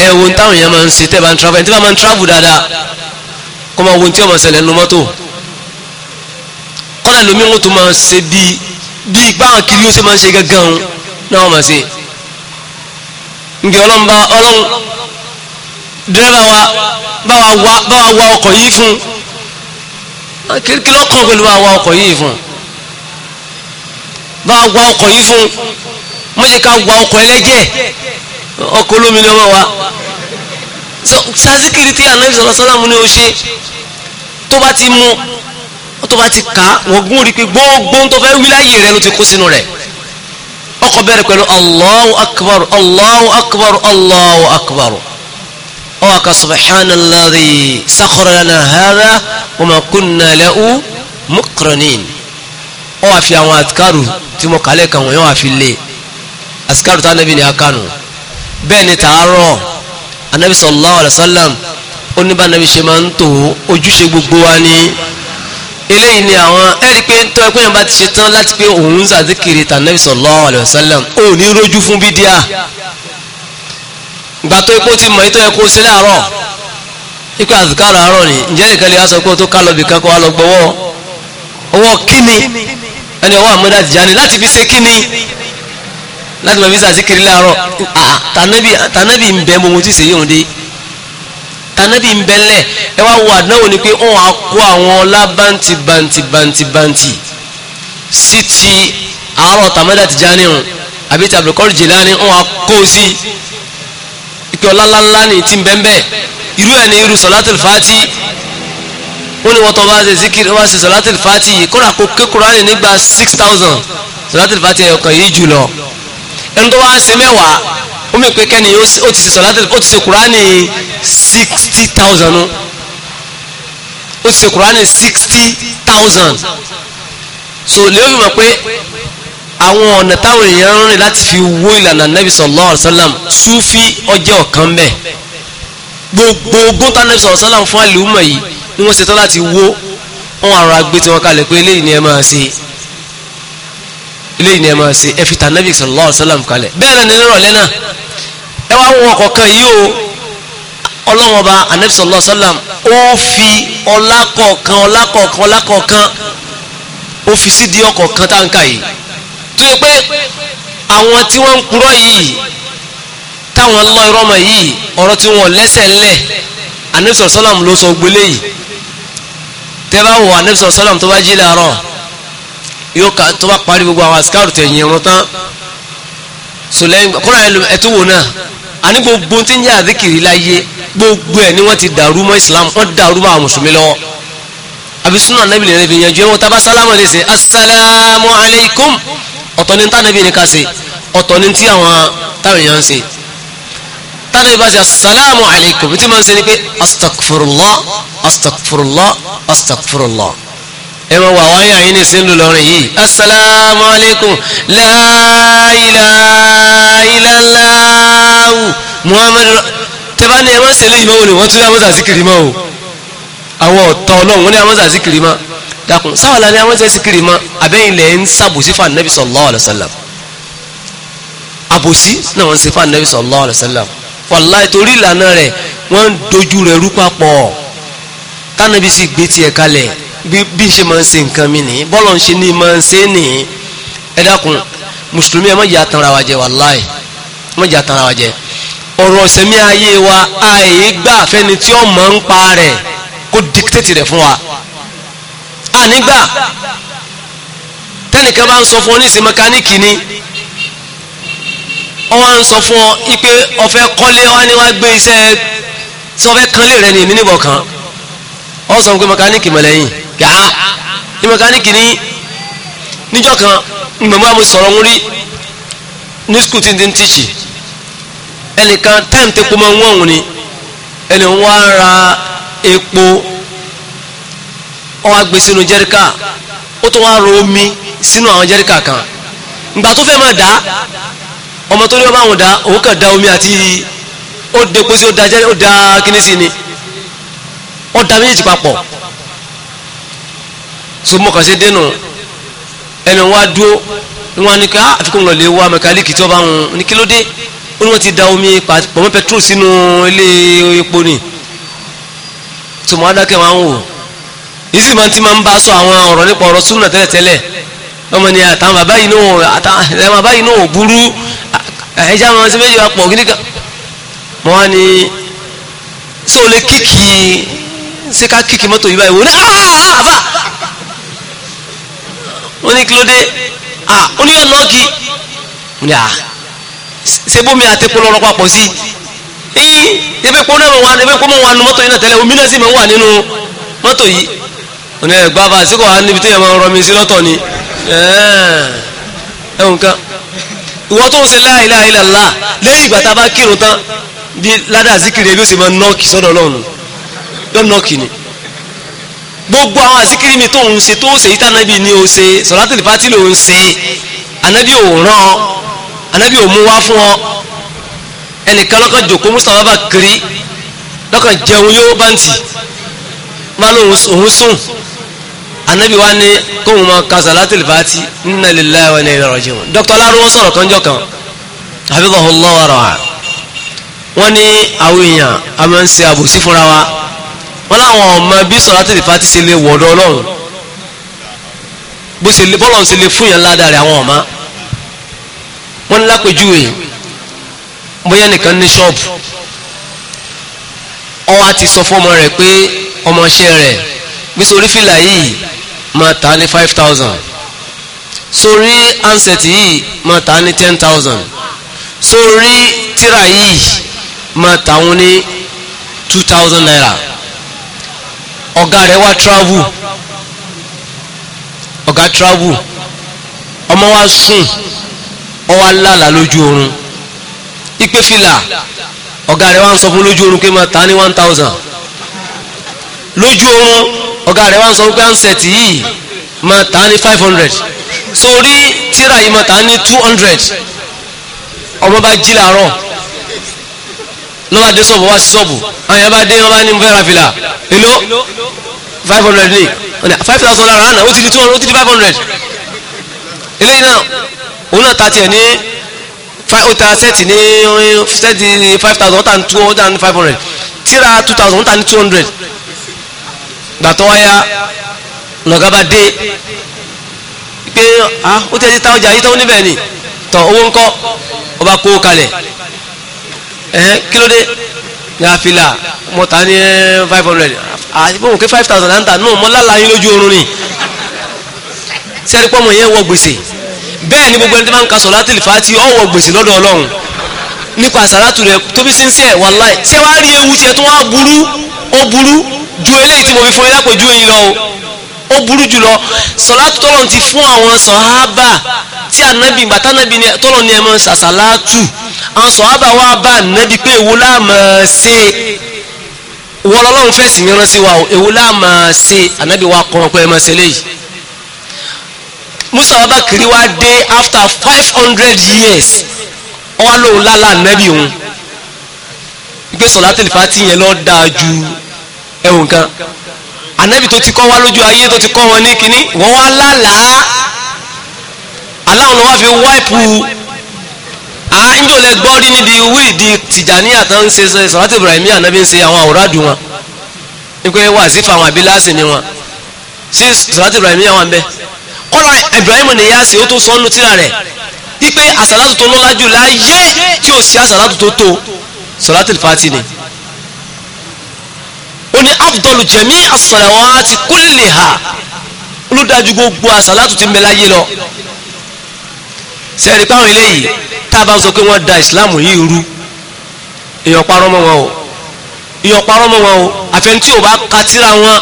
ẹ wo ní táwọn èèyàn máa ń ṣe tẹ́ ẹ máa ń travel ẹni tí wọ́n máa ń travel dáadáa kó máa wo ní tí ọmọ ṣẹlẹ̀ nínú mọ́tò kọ́lá lómi ń tó máa ṣe bí bí báwọn kiri ó ṣe máa ń ṣe gángan náà wọ́n máa ṣe ǹgẹ̀ ọlọ́run bá ọlọ́run dírẹ́bà wa bá wa wa ọkọ̀ yìí fún kí lọ́kàn pẹ̀lú bá wa ọkọ̀ yìí fún bá wa ọkọ̀ yìí fún mo yẹ ká wa ọkọ̀ ẹlẹ́jẹ̀ ọkọ̀ olómi ni ọmọ wa sazikiri tí anabi sọ̀rọ̀ sọ́dọ̀mù ni ó ṣe tó bá ti mú tó bá ti kà wọ́n gún rí pé gbogbo tó fẹ́ wí láyé rẹ ló ti kó sínú rẹ̀ ọkọ̀ bẹ̀rẹ̀ pẹ̀lú Allahu akbar Allahu akbar Allahu akbar ọwọ́ka subhana alladhi sakhara lana hadha wa ma kunna lahu muqrinin ọ wà fi àwọn àtikáàrù tí mo kàlẹ́ kan wọ́n yóò wà fi lé àtikáàrù táwọn nàbí ni a kànú bẹ́ẹ̀ ni tààrọ̀ anabi sallallahu alayhi wa sallam ó ní bá anabi ṣe máa ń tò ojúṣe gbogbo wa ní eléyìí ni àwọn ẹ̀rí pé tọ́ ẹgbẹ́ yẹn bá ti ṣe tán láti pé òun ń zàdíkiri tànàbí sallallahu alayhi wa sallam ó ní rójú fún bídíà ìgbà tó ipò ti mọ̀ ìtọ́ ẹ̀kọ́ sí láàárọ̀ ipò àzùkárò àárọ̀ ni ǹjẹ́ nìkan lè aṣọ pé tó ká lọ bìkan kó wá lọ gbọ́wọ́ ọwọ́ kíni ẹni ọwọ́ àmúdá Tìjàní láti fi ṣe kíni láti mọ̀ fi sàzíkiri láàárọ̀ tànàbì ń bẹ mo ti ṣèyí òun dé tànàbì ń bẹ lẹ̀ ẹ wá wo àdánwò ni pé òun á kó àwọn ọlá bàǹtì bàǹtì bàǹtì bàǹtì sí ti àárọ̀ tàmọ́dá Tìjàní hàn àbí tàbí kọ́rù Jìlání òun á kó sí ìpè ọlálálá ní ti bẹ́ẹ̀ irú ẹ̀ ní irú sọ̀látìl fàtì ó ní wọ́n tó bá ṣe zikiri wọ́n ṣe sọ̀látìl fàtì yìí kóra kó ké Kùránì nígbà six thousand sọ̀látìl fàtì ẹ̀yọkàn yìí jù lọ ẹni tó wá ṣe mẹ́wàá ó mẹ́ pé kẹ́ni ó ti ṣe sọ̀látìl ó sixty thousand ó ti sixty thousand so lè ó fi mọ̀ pé àwọn ọ̀nà táwọn èèyàn ń rìn láti fi wó ìlànà nẹ́bí sallallahu alaihi wasallam súfí ọjọ́ ọ̀kan mẹ́ gbogbo ogún tá nẹ́bí sallallahu alaihi wasallam fún àlùmọ̀ yìí ni wọ́n ṣetán láti wó wọn àrùn agbé tí wọ́n kalẹ̀ pé eléyìí ni ẹ máa ṣe eléyìí ni ẹ máa ṣe ẹ fi ta nẹ́bí sallallahu alaihi wasallam kalẹ̀ bẹ́ẹ̀ náà ni nírọ̀lẹ́ náà ẹ wá wọn kọ̀ọ̀kan yìí o ọlọ́wọ́n ọba anabi sallallahu ó fi ọlákọ̀ọ̀kan tó yẹ pé àwọn tí wọ́n ń purọ́ yìí táwọn lọ irọ́ mọ̀ yìí ọ̀rọ̀ tí wọ́n lẹ́sẹ̀ ńlẹ̀ anẹ́bísọ̀ sọ́làm ló sọ gbélé yìí tẹ́bá wọ anẹ́bísọ̀ sọ́làm tó bá jí làárọ̀ yóò ká tó bá parí gbogbo àwọn àsìkáàrù tẹ̀yìn irun tán sùlẹ́yìn kọ́ra ẹtú wò náà àní gbogbo tí ń jẹ́ àdíkìrì láyé gbogbo ẹ̀ ni wọ́n ti dàrú mọ́ Islam wọ́n dàrú mọ́ àwọn mùsùlùmí lọ́wọ́ àbí súnà anábìlẹ̀ rẹ̀ fi yanjú ẹ̀wọ̀n tábà taba lè ṣe assalamu alaikum ọ̀tọ̀ ní tánàbí ní ká ṣe ọ̀tọ̀ ní tí àwọn táwọn èèyàn ń ṣe tánàbí bá ṣe asalaamu alaykum tí máa ń ṣe ni pé astagfurullah astagfurullah astagfurullah ẹ máa wà wáyé àyín ní sílùú lọrin yìí asalaamu alaykum la ilaha illallah muhammadu tẹ́bá ni ẹ máa ń ṣe léyìn máa wọlé wọ́n tún ní amọ́sà síkìrì máa o àwọn ọ̀tọ̀ ọlọ́run wọ́n ní amọ́sà síkìrì máa dákun sáwàlá ni àwọn ṣe síkìrì mọ́ àbẹ́yìn lẹ́ ń sàbòsí fún anabi sallallahu alayhi sallam àbòsí náà wọ́n ṣe fún anabi sallallahu alayhi wa sallam wàláì torí ìlànà rẹ̀ wọ́n ń dojú rẹ̀ rú papọ̀ tánàbí sì gbé tiẹ̀ kalẹ̀ bí ṣe máa ń ṣe nǹkan mi nìyí bọ́lọ̀ ń ṣe ni máa ń ṣe é nìyí ẹ dákun mùsùlùmí ẹ má jẹ́ atanra wa jẹ wàláì ẹ nígbà tẹ́nìkan bá ń sọ fún ọ nísìn mẹkáníìkì ni ọ wá ń sọ fún ọ ipe ọ̀fẹ́ kọ́lé wá ní wá gbé iṣẹ́ tí wọ́n fẹ́ kanlé rẹ ní èmi níbọ̀ kan ọ sọ pé mẹkáníìkì mọ̀lẹ́yìn kí ní mẹkáníìkì ní níjọ́ kan mẹ̀mú àmú sọ̀rọ̀ ń rí ní skul tí ń tíṣì ẹnìkan táìmù tẹ́pọ̀ mọ́ ni ẹni wọ́n ra epo ó wá gbé sínú jẹ́ríkà ó tó wá ro omi sínú àwọn jẹ́ríkà kan ìgbà tó fẹ́ máa dá ọmọ tó ní ọba àwọn dá òun kàn da omi àti ó depo sí ó da jẹ́rí ó da kíní sí ni ó da méjèèjì papọ̀ so mo kàn ṣe dénú ẹni wá dúó ni wọ́n á ní ká ah, àfikún lọ lè wá mẹkáníìkì tí wọ́n bá ń ní kí ló dé ó ní wọ́n ti da omi pàmò petrol sínú ilé epo ni tòmọ́ adákẹ́ wọn á ń wò yìí sì máa ti máa ń bá sọ àwọn ọ̀rọ̀ nípa ọ̀rọ̀ súnà tẹ́lẹ̀tẹ́lẹ̀ ọmọ ni àtàwọn bàbá yìí náà àtàwọn bàbá yìí náà burú ẹja wọn ṣe méjì wá pọ̀ gidi kan mọ́ wá ní ṣé o lè kíkì ṣé ká kíkì mọ́tò yìí báyìí wò ní àbá wọ́n ní kí ló dé ah ó ní yóò lọ́ọ̀kì ní à ṣe bómi àtẹ́kù lọ́rọ́ papọ̀ sí i ebe kó náà wà ebe kó mọ̀ wà nínú mọ́tò yìí náà tẹ́lẹ̀ omi náà sì máa wà nínú mọ́tò yìí ọ̀nà ẹ̀gbá bá sí kò wá níbi tí yẹn máa ń rọmi sí lọ́tọ̀ ni ẹ̀hùn kan ìwọ tó ń ṣe la ilaha illallah lẹ́yìn ìgbà tá a bá kírun tán bí ládàá síkiri ebi ó sì máa nọ́ọ̀kì sọ́dọ̀ ọlọ́run yọ nọ́ọ̀kì ni gbogbo àwọn àsíkiri mi tó ń ṣe tó ń ṣe yíta anabi ni ó ṣe sọ̀rọ̀tìlì fati ló ń ṣe anabi ò rán ọ anabi ò mú wá fún ọ ẹnìkan lọ́kàn jòkó mustapha bá kiri lọ́kàn jẹun yóò bá ń tì má lóun sùn anabi wa ni kóhun ma ka salatul fati inna lillahi wa inna ilayhi raji'un dr laruwo sọ̀rọ̀ kanjọ kan hafidhahullah wa ra'a wọn ní àwọn èèyàn a máa ń ṣe àbòsí fúnra wa wọn láwọn ọmọ bí salatul fati ṣe lè wọ̀dọ̀ ọlọ́run bó ṣe lè bọ́lọ̀ ṣe lè fún yàn ládàrí àwọn ọmọ wọn ní lápèjúwe bóyá nìkan ní ṣọ́ọ̀bù ọwọ́ á sọ fún ọmọ rẹ̀ pé ọmọọṣẹ́ rẹ̀ bí sori fìlà yìí máa ta ní five thousand sori ansẹ̀tì yìí máa ta ní ten thousand sori tira yìí máa ta wọn ní two thousand naira ọ̀gá rẹ̀ wá travel ọ̀gá travel ọmọ wa sùn ọ wa lálà lójú oorun ipe fìlà ọ̀gá rẹ̀ wá ń sọ fún lójú oorun pé máa ta ní one thousand lójú oorun ọ̀gá rẹ̀ wá ń sọ wípé ansẹ̀tì yìí máa tà ní five hundred sórí tíra yìí máa tà ní two hundred ọmọ bá jí làárọ̀ lọ́ba dé sọ́ọ̀bù wá sí sọ́ọ̀bù àwọn yẹn bá dé wọn bá ní mo fẹ́ ra fìlà èlò five hundred ní five thousand lára àná ó ti di two hundred ó ti di five hundred eléyìí náà òun náà ta tiẹ̀ ní ó ta sẹ́ẹ̀tì ní sẹ́ẹ̀tì ní five thousand ó ta ní two hundred tíra two thousand ó ta ní two hundred gbàtọ́ wáyá lọ́gá bá dé pé ah ó tẹ́lẹ̀ ta ọjà yìí tán níbẹ̀ ni tọ̀ owó ńkọ́ ọba kó kalẹ̀ ẹ̀hẹ́n kí ló dé yàfìlà mọ́ta ní eh, five hundred àti bóun ké five thousand náà ń tà nù mọ́ lálàyé lójú oorun ni sẹ́rí pọ́mọ yẹn wọ gbèsè bẹ́ẹ̀ ni gbogbo ẹni tí máa ń ka sọ̀látì lè fàtí ọ̀ wọ gbèsè lọ́dọ̀ ọlọ́run nípa sàràtù rẹ tóbi sí ń sẹ́ wàláì ṣé wàá rí ewu tiẹ̀ tó wá burú ó burú ju eléyìí tí mo fi fún yín lápòjú ẹ̀yìn lọ o ó burú jù lọ sọ̀látù tọ́lọ̀ ti fún àwọn sọ̀hábà tí ànábì bàtà ànábì tọ́lọ̀ ní ẹ̀mọ́ sàṣàlátù àwọn sọ̀hábà wà bá ànábì pé èwo la máa ṣe wọ́n lọ́lọ́run fẹ́ sì yẹran sí wa o èwo la ṣe ànábì wa kọ́ ọ̀pẹ́ ẹ̀mọ́ ṣe léyìí musa babakiri wa dé after five hundred years ọwọ́ lóun lálá ànábì òun ìgbésọ̀látù Fátì yẹn ló dáa ju ẹ̀wọ̀n kan anabi tó ti kọ́ wá lójú ayé tó ti kọ́ wọn ní kínní wọ́n wá lálàá aláwọn ni wọ́n fi wáìpù à ń jò lẹ gbọ́ rí níbi wíìdì tìjàníyà tó ń ṣe sọ̀rọ̀tì ibrahim anabi ń ṣe àwọn àwòrádù wọn nípa wà sí fáwọn abilásì ni wọn sí sọ̀rọ̀tì ibrahim yà wọn bẹ kọ́lá ibrahim nìyàsí ó tó sọ́nù tíra rẹ̀ pípé àsàlátù tó lọ́lá jù láyé tí ò sí àsàlátù tó tó sọ̀rọ̀tì fati ni. Oni ní Jami jẹ̀mí as-salawati kulliha ló dájú gbogbo àsàlátù ti ń bẹ láyé lọ sẹ́ẹ̀rì eléyìí tá sọ pé wọ́n da ìsìláàmù yìí rú èèyàn parọ́ mọ́ wọn o èèyàn mọ́ wọn o àfẹnutí ò bá katira wọn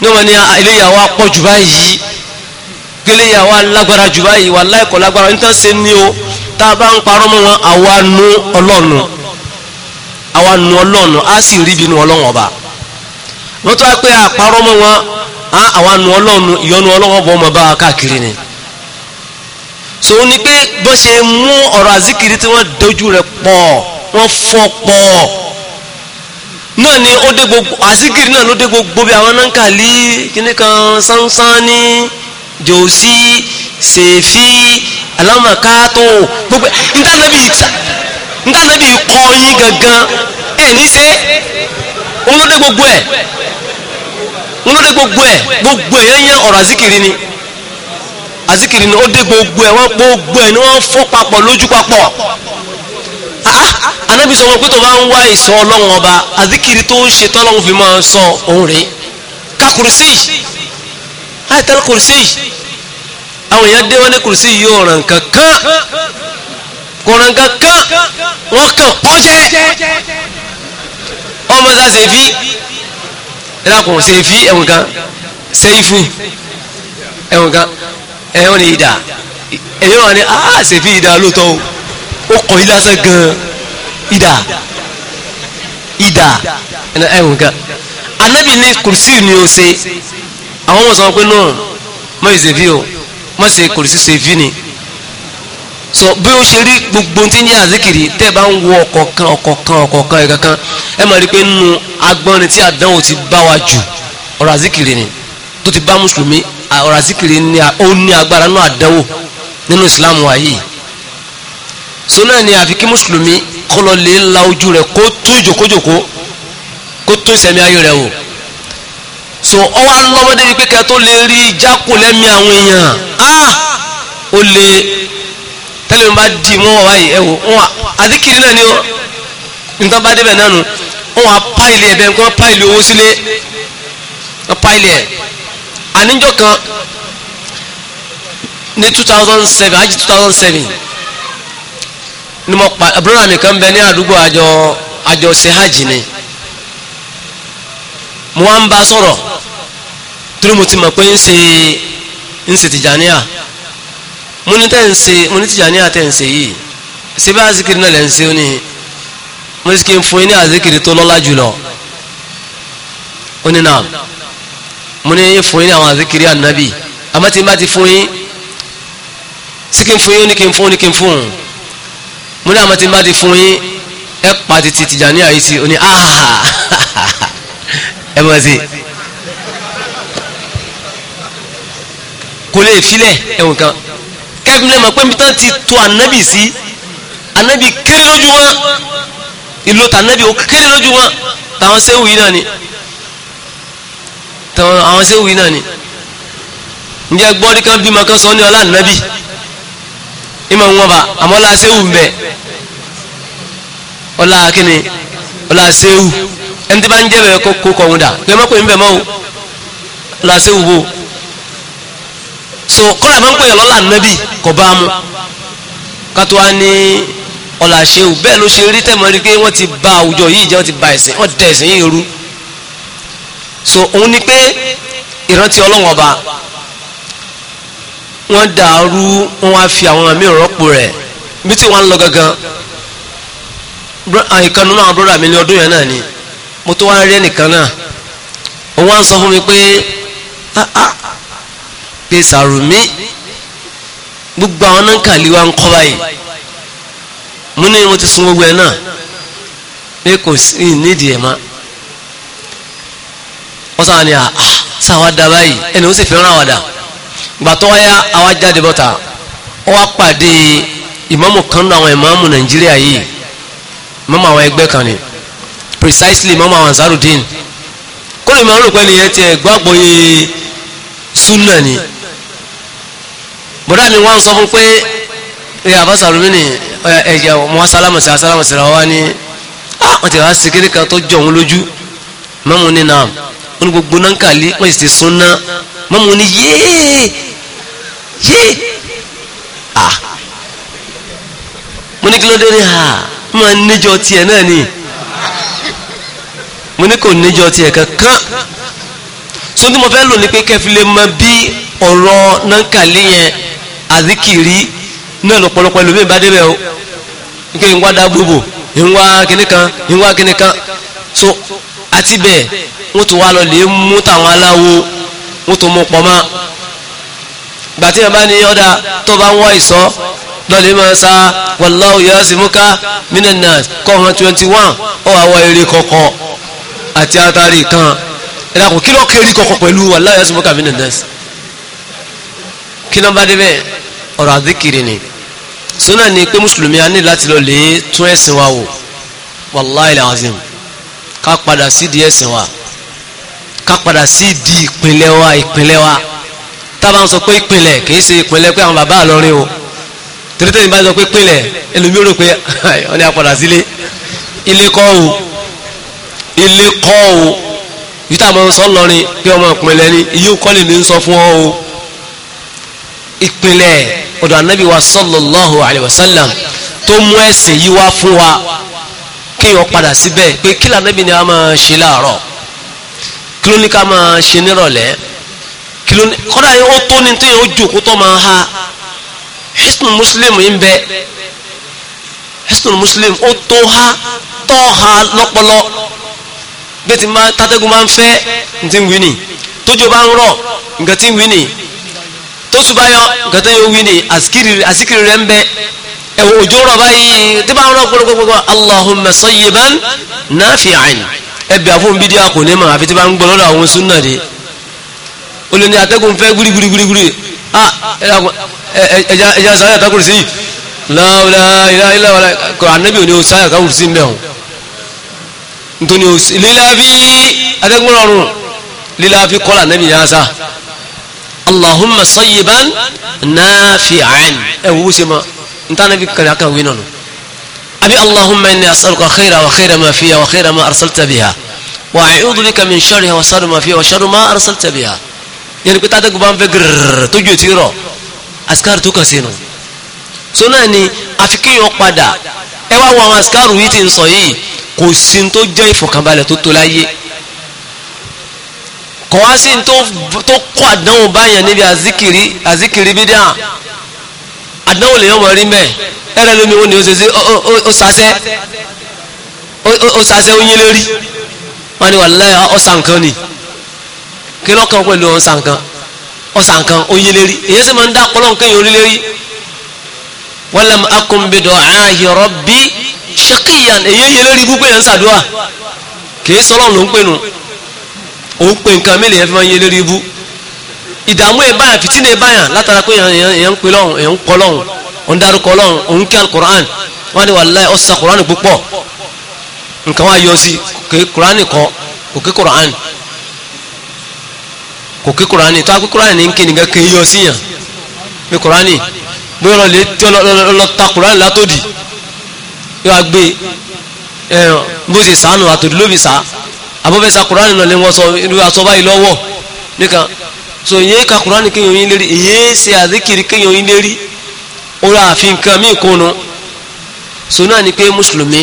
ní wọn ni eléyàwó ah, apọ̀ jù báyìí eléyàwó alágbára jù báyìí wallahi kò lágbára nítorí ṣe ni o tá ń parọ́ mọ́ wọn àwa nu ọlọ́nu àwa nu ọlọ́nu á sì rí ibi nu ọlọ́wọ́n ọba. wọ́n tó wá pé àparọ́ ah, mọ́ wọn ah, àwọn ànú ọlọ́run ìyọnu bọ́ ọmọ bá wa káàkiri ni so ó ní pé bó ṣe mú ọ̀rọ̀ àzíkiri tí wọ́n dojú rẹ̀ pọ̀ wọ́n fọ́ pọ̀ náà ni ó dé gbogbo àzíkiri náà ló dé gbogbo bí àwọn nankali kíní kan sánsánì jòsí sèfí alámàkátó gbogbo ntànàbí ntànàbí kọ́ yín gangan ẹ̀ ní gbogbo ẹ̀. wọ́n dé gbogbo ẹ̀ gbogbo ẹ̀ yẹn yẹn ọ̀rọ̀ azikiri ni azikiri ni ó dé gbogbo ẹ̀ wọ́n gbogbo ẹ̀ ni wọ́n fọ́ papọ̀ lójú papọ̀ anábì sọ wọn pé tó bá ń wá ìsọ ọlọ́run ọba azikiri tó ń ṣe tọ́lọ́run fi máa sọ òun rèé ká kùrùsí àìtẹ́lẹ̀ kùrùsí àwọn èèyàn dé wọn ní kùrùsí yìí ò ràn kankan kò ràn kankan wọn kàn kọjẹ ọmọ sáà fi ẹlẹ́kùn sẹ́fí ẹ̀wọ̀n kan sẹ́fù ẹ̀wọ̀n kan ẹ̀wọ̀n ni ìdá ẹ̀yọ́ wà ní àá ah, sẹ́fí ìdá lóòótọ́ ó kọ̀ yí lásán gan ìdá ìdá ẹ̀wọ̀n kan anábì ní kùrùsì ni ó ṣe àwọn ọmọ sọ pé náà mọ̀ ìsèfí o mọ̀ sí kùrùsì sẹ́fí ni so bí ó ṣe rí gbogbo tí ń yá àzíkiri tẹ́ bá ń wo ọ̀kọ̀ọ̀kan ọ̀kọ̀ọ̀kan ọ̀kọ̀ọ̀kan ìkankan ẹ máa rí pé nínú agbọ́nrin tí àdánwò ti bá wa jù ọ̀rọ̀ àzíkiri ni tó ti bá mùsùlùmí ọ̀rọ̀ àzíkiri ni ó ní agbára náà àdánwò nínú ìsìlámù wa yìí so náà ni àfi kí mùsùlùmí kọlọ lè la ojú rẹ̀ kó tó ìjòkójòkó kó tó ìsẹ̀mí ayé rẹ̀ o so ọwọ́ alọ́mọdé yìí pé kẹ́ tó lè rí ìjákò lẹ́mí àwọn èèyàn ah ó lè tẹ́lẹ̀ bá dì mọ́ wà báyìí ẹ̀wò wọn àdíkìrì náà ni ó nǹkan bá débẹ̀ náà nù wọn wà páìlì ẹ̀bẹ̀ nǹkan páìlì owó sílé wọn páìlì ẹ̀ àníjọ́ kan ní 2007 àjì 2007 ni mo pa àbúrò àmì kan bẹ ní àdúgbò àjọ àjọ sehajì ni mo wá ń bá sọ̀rọ̀ torí mo ti mọ̀ pé ń ṣe ń ṣe mo ní tẹ́ǹsì mo ní tìjà ní àtẹ̀ǹsì yìí ṣé bá azikiri náà lẹ́ ń ṣe ó ní azikiri tó lọ́lá jùlọ ó ní náà mo ní yín fún yín ní àwọn azikiri ànábì àmọ́ tí n bá ti fún yín sí kí n fún yín ó ní kí n fún ó ní kí ti fún yín ẹ pa títí tìjà ní kan kẹfìlẹ mọ̀ pé mi tán ti to ànábì sí ànábì kéré lójú wọn ìlò tànábì ó kéré lójú wọn tàwọn séwù yìí náà ni tàwọn àwọn séwù yìí náà ni ǹjẹ́ gbọ́dí kan bímọ kan sọ ní ọlá ànábì ìmọ̀ wọn bá àmọ́ ọlá séwù ń bẹ ọlá kíni ọlá séwù ẹni tí bá ń jẹ́ bẹ̀rẹ̀ kó kọ̀ wọn dà pé mọ́kùnrin bẹ̀ mọ́ o ọlá séwù bò so kọ́lá ìbá ń pè yàn lọ́la nàbì kò bá mu kátó wá ní ọ̀là ṣeun bẹ́ẹ̀ ló ṣe rí tẹ̀mọ́ rí pé wọ́n ti ba àwùjọ yìí jẹ́ wọ́n ti ba ẹ̀sìn wọ́n dẹ̀ ẹ̀sìn yìí rú so òun ni pé ìrántí ọlọ́wọ́n ọba wọ́n dàrú wọ́n wá fi àwọn àmì ìrọ́pò rẹ̀ bí tí wọ́n ń lọ gangan ìkànnì náà bọ́dà mi ní ọdún yẹn náà ni mo tó wá rí ẹnìkan náà òun wá sọ fún mi pé ah, ah, pé sàrùmí gbogbo àwọn náà kàlí wa ń kọ́ báyìí mo ní mo ti sun gbogbo ẹ náà pé kò sí nídìí ẹ mọ́ wọ́n sáà ní à sáwá da báyìí ẹni ó sì fẹ́ràn àwàdà gbà tó àwa jáde bọ́ta ó wá pàdé kan nínú àwọn ìmáàmù nàìjíríà yìí ìmáàmù àwọn ẹgbẹ́ kan ni precisely ìmáàmù àwọn Ansarudeen kó lè máa rò pé tiẹ̀ ni. bọ́dá mi wọ́n sọ fún pé ẹ àbáṣàlùmí ni ẹ̀yà ọmọ asálámọ̀sí asálámọ̀sí ra ah, wá ní àwọn tẹ̀wá sí kéde kan tó jọ òun lójú mọ́mú ní nà ó ní gbogbo náà ń kàlí wọ́n sì ti sún ná mọ́mú ní yéé yéé à ah. mo ní kí ló dé ní à ah, mo máa níjọ tiẹ̀ náà ni mo ní kò níjọ tiẹ̀ kankan so tí mo fẹ́ lò ní pé kẹfì lè bí ọ̀rọ̀ náà ń kàlí yẹn àzíkìrí náà lọ́pọ̀lọpọ̀ ẹlòmíì bá débẹ̀ o nígbà yìí ń wá dábòbò yìí ń wá kíní so àti bẹ́ẹ̀ wọ́n tún wá lọ lè mú tàwọn aláwo wọ́n tún mú pọ̀ mọ́ gbàtí ẹ bá ní ọ̀dà tó bá ń wá ìsọ́ lọ́lẹ̀ máa sa wàláwù yóò sì mínínà kọ́ọ̀hán twenty one ó wà eré kọ̀ọ̀kọ̀ àti atari kan ẹ̀dá kò kí lọ́ọ́ kéré kọ̀ọ̀kọ̀ pẹ̀lú wàláwù yóò sì mínínà kí náà bá débẹ̀ ọ̀rọ̀ àdékiri ni sọ́nà ni pé mùsùlùmí a ní láti lọ lè tún ẹ̀sìn wa wò wàláì làzim ká padà sí di ẹ̀sìn wa ká padà sí di ìpínlẹ̀ wa ìpínlẹ̀ wa tábà ń sọ pé ìpínlẹ̀ kìí ṣe ìpínlẹ̀ pé àwọn bàbá àlọ́rin o tẹ́lẹ̀tẹ́ ìbá sọ pé ìpínlẹ̀ ẹlòmí rò pé wọ́n ní apàdà sílé ilé kọ́ o ilé kọ́ o yìí tá a mọ̀ ń lọ́rin pé ọmọ ìpínlẹ̀ ni iye kọ́lé mi ń sọ fún ọ o ìpìlẹ̀ ọ̀dọ̀ anábì wa sallallahu alayhi wa sallam tó mú ẹ̀sìn yìí wá fún wa kéèyàn padà síbẹ̀ pé kí lànàbì ni a máa ṣe láàárọ̀ kí ló ní ká máa ṣe nírọ̀lẹ́ kí ló ní kọ́dà yẹn ó tó ní tí yẹn ó jòkó tó máa ha hisnu muslim ń bẹ hisnu muslim ó tó ha tó ha lọ́pọlọ bí ti máa tátẹ́gùn máa ń fẹ́ ní ti ń wí tójú bá ń rọ̀ nǹkan ti ń wí tó tún bá yọ nǹkan tó yẹ wí ni àsìkiri rẹ̀ ń bẹ ẹ̀wọ̀ òjò rọ̀ báyìí tí bá ń rọ̀ gbogbogbò Allahumma sayyiban nafi'an ẹbẹ̀ àfún bídí àkò ní màá fi tí bá ń gbọ́ lọ́dọ̀ àwọn súnà dé o lè ní atẹ́gùn fẹ́ gúrígúrígúrí ah ẹja sáyà kákùrù sí láwùlá ilá ilá wàlá kọ ànábì òní o sáyà kákùrù sí mẹ́hùn nítorí lílá fi atẹ́gùn rọrùn lílá fi kọ́lá ànábì yá sá allahumma sayyiban nafi'an ẹ̀wọ̀ wúṣe ma n ta nabi kari aka wi nanu abi allahumma inni as'aluka khayra wa khayra ma fiya wa khayra ma arsalta biha wa a'udhu bika min sharriha wa sharri ma fiya wa sharri ma arsalta biha yẹni pé tàdé gbogbo ànfẹ gírrrr tójú ètò irọ asikaru tó kàn sí nu so náà ni àfi kéèyàn padà ẹ wá wọ àwọn asikaru yìí ti ń sọ yìí kò sí tó jẹ́ ìfọ̀kànbalẹ̀ tó tó láyé kọ̀ wá sí tó kọ́ àdánwò báyàn níbi àzíkiri àzíkiri bídíà àdánwò lèyàn mọ̀ rí mẹ́ ẹ̀rẹ́ lómi ó ní o ṣe sí o sasẹ́ o sasẹ́ ó yín lérí wọ́n ní wallahi ọ̀sán kan ni kí lọ́kàn pẹ̀lú ọ̀sán kan ọ̀sán kan ó yín lérí èyí sì máa ń dá ọpọlọ nǹkan yìí orílérí walam akun bi du'ahi rabbi shaqiyan èyí yẹ lérí gbogbo yẹn ń ṣàdúrà kì í sọ́lọ́ òun pé nǹkan mélòó yẹn fi máa ń yé lérí ibú ìdààmú ẹ̀ báyà fìtínà ẹ̀ báyà látara pé èèyàn ń pe lọ́hùn èèyàn ń kọ́ lọ́hùn òun dárúkọ lọ́hùn òun kí alukoran wọ́n ní wàláhì ọ̀sà koran púpọ̀ nǹkan wá yọ sí kò koran kọ kò kí koran kò kí koran tó a kí koran ní kí nìkan kì í yọ sí yàn ní koran bí wọ́n lè tí ọlọ́ ta koran látòdì yóò gbé bó ṣe sànù àtòdì ló fi sàá abọ́fẹ́sà kùránì náà lé wọn sọ irú aṣọ báyìí nìkan so ìyẹn ka kùránì kéèyàn yín lérí ìyẹn ṣe àdíkìrì kéèyàn yín lérí orí àfi nǹkan míì kúnnu so náà ni pé mùsùlùmí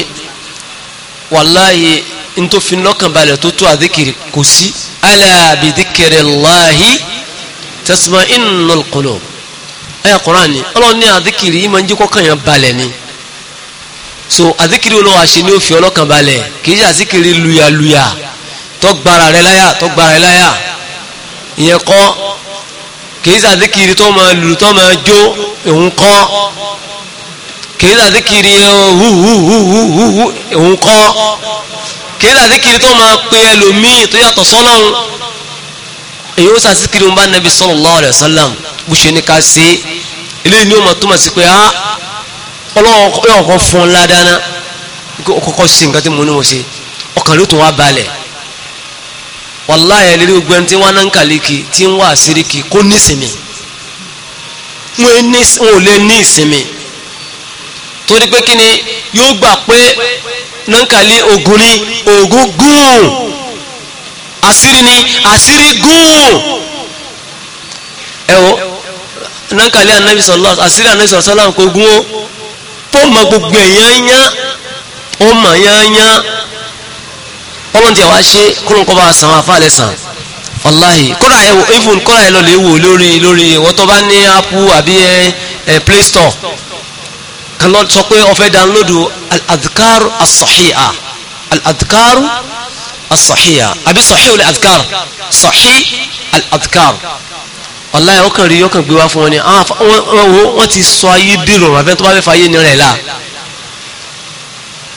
wàláyé ntòfin lọ́kànbalẹ̀ tó tó àdíkìrì kò sí ala bi dhikrillahi tasma'innul qulub ẹ̀yà kùránì ọlọ́run ní àdíkìrì yìí máa ń jẹ́ kọ́kànyàn balẹ̀ ni so àdíkìrì olówó àṣẹ ni ó fi ọlọ́kànbalẹ̀ kì í luyaluya. Luya tó gbára rẹ láyà tó gbára rẹ láyà ìyẹn kọ́ kìí sàdíkiri tó máa lùlù tó máa jó òun kọ́ kìí sàdíkiri hùhùhùhùhù òun kọ́ kìí sàdíkiri tó máa pe ẹlòmíì tó yàtọ̀ sọ́lọ́run èyí ó sàdíkiri ń bá nàbí sallallahu alaihi wasallam bó ṣe ní ká ṣe eléyìí ni ó máa túmọ̀ sí pé á ah, ọlọ́wọ́ ọkọ̀ fún ọ ládàá náà kọ́kọ́ sí nǹkan tí mo ní mo ṣe ọkàn ló tún wá balẹ̀ wàláyé lérí gbogbo ẹni tí wọ́n náà ń kàlíkì tí ń wà síríkì kó ní wọn ò lè ní ìsinmi torí pé kí ni yóò gbà pé nankali ogun ni ogun gùn àṣírí ni àṣírí gùn ẹ wo nankali anabi sọlọ àṣírí anabi sọlọ sọlọ gùn ó pọ́ gbogbo ẹ̀yán yán ó mọ̀ yán yán ọlọ́run tiẹ̀ wá ṣe kọ́lọ́n kọ́ bá san wọn afá lẹ́sàn wàláhì kọ́ra ẹ̀ wò even kọ́ra ẹ̀ lọ lè wò lórí lórí wọ́n tó bá ní apple àbí ẹ ẹ play store kan lọ sọ pé ó fẹ́ download al-adhkar as-sahiha al-adhkar as àbí sahih al-adhkar sahih al-adhkar wàláhì ọkàn rí ọkàn gbé wá fún wọn ni ah, wọ́n ti sọ ayé dèrò àbẹ́ tó bá fẹ́ fàyè ní rẹ̀ láà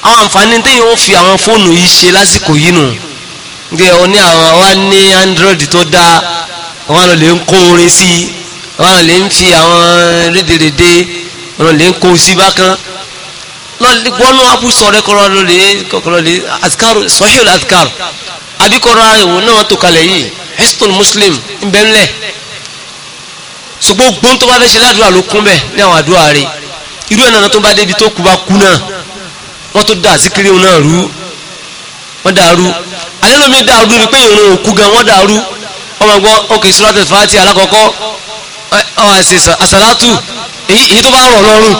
àwọn àǹfààní tí yóò fi àwọn fóònù yìí ṣe lásìkò yìí nù gẹ ọ ní àwọn wa ní android tó dáa wọn lọ lè ń kó orin sí i wọn lè ń fi àwọn rédèrèdè wọn lè ń kó sí bákan lọ́nà apùsọ rẹ kọ́ra ló kọ́ra lè azkaru sahihul azkar àbí kọ́ra ìwò náà tó kalẹ̀ yìí heston muslim ń bẹ́ ńlẹ̀ ṣùgbọ́n gbóhùn tó bá fẹ́ ṣe ládùúrà ló kún bẹ́ẹ̀ ní àwọn àdúrà rẹ̀ irú ẹ̀ náà tó bá débi tó kú bá kú náà wọ́n tó dá àsìkiri náà rú wọ́n dàrú àlélómi dàrú ni pé ìrún òkú gan wọ́n dàrú wọ́n máa gbọ́ ọkè sọ́láàtì fàátì alákọ̀ọ́kọ́ àṣàlátù èyí tó bá rọ̀ lọ́rùn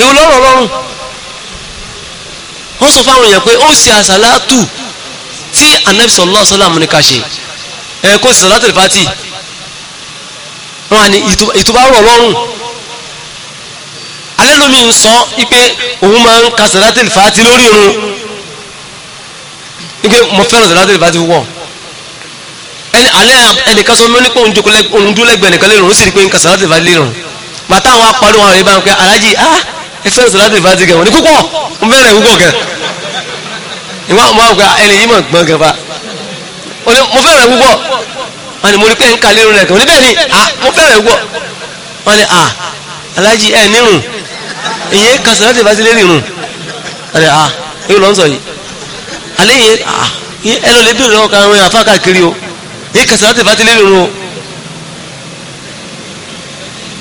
èwo lọ́rọ̀ lọ́rùn wọ́n sọ fáwọn èèyàn pé ó sì àṣàlátù tí anabi sallallahu alaihi wasallam ká ṣe ẹ̀ kó sì sàlátì fàátì wọ́n á ní ìtúbárọ̀ lọ́rùn alẹ́ lómi ń sọ ipe òun máa ń ka sàdátìlì fàátì lórí irun ipe mo fẹ́ràn sàdátìlì fàátì púpọ̀ ẹni alẹ́ ẹnìkan sọ mọ́ nípa òun dúlẹ́gbẹ̀ẹ́ nìkan lérùn ó sì rí pé ń ka sàdátìlì fàátì lérùn bàtà àwọn apàdé wọn rẹ̀ bá ń pẹ́ alájì á ah, ẹ fẹ́ràn sàdátìlì fàátì gẹ̀ wọ́n ní púpọ̀ mo fẹ́ràn púpọ̀ gẹ̀ ìwà mo máa ah, gba ẹni yìí mọ̀ gbọ́n gẹ̀ fa mo fẹ́ràn púpọ̀ wọn ni ah, mo ìyẹn kan sọ̀rọ̀ láti bá sí lérí irun ẹ̀rẹ̀ à èyí lọ́n sọ yìí alẹ́ yẹn à ẹ lọ lè bí ìrọ̀ kan rìn àfa káàkiri o ìyẹn kan sọ̀rọ̀ láti bá sí lérí irun o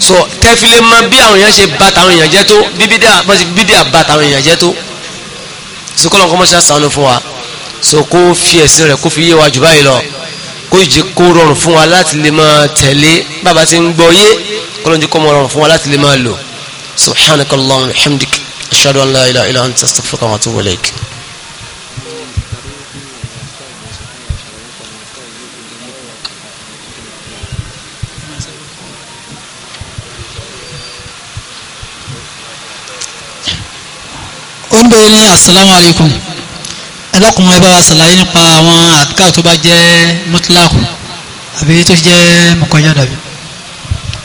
sọ tẹ́fílẹ́ mọ bí àwọn èèyàn ṣe bá tàwọn èèyàn jẹ́ tó bíbídà bọ́sí bíbídà bá tàwọn èèyàn jẹ́ tó sọkọlọ́n kọ́ sànú fún wa sọ kó fi ẹ̀sìn rẹ̀ kó fi yé wa jù báyìí lọ kó jẹ́ kó rọrùn fún wa láti lè máa tẹ̀lé bàbá ti ń gbọ́ yé kọ́lọ́njú kọ́ rọrùn fún wa láti lè máa lò. سبحانك اللهم وبحمدك أشهد أن لا إله إلا أنت أستغفرك وأتوب إليك oníbẹ̀rẹ̀ ní asalaamu alaykum ẹlọ́kùnrin ẹ bá wa ṣàlàyé nípa àwọn àdúgbò tó bá jẹ́ mutlaku àbí tó jẹ́ mọ̀kànjá dàbí.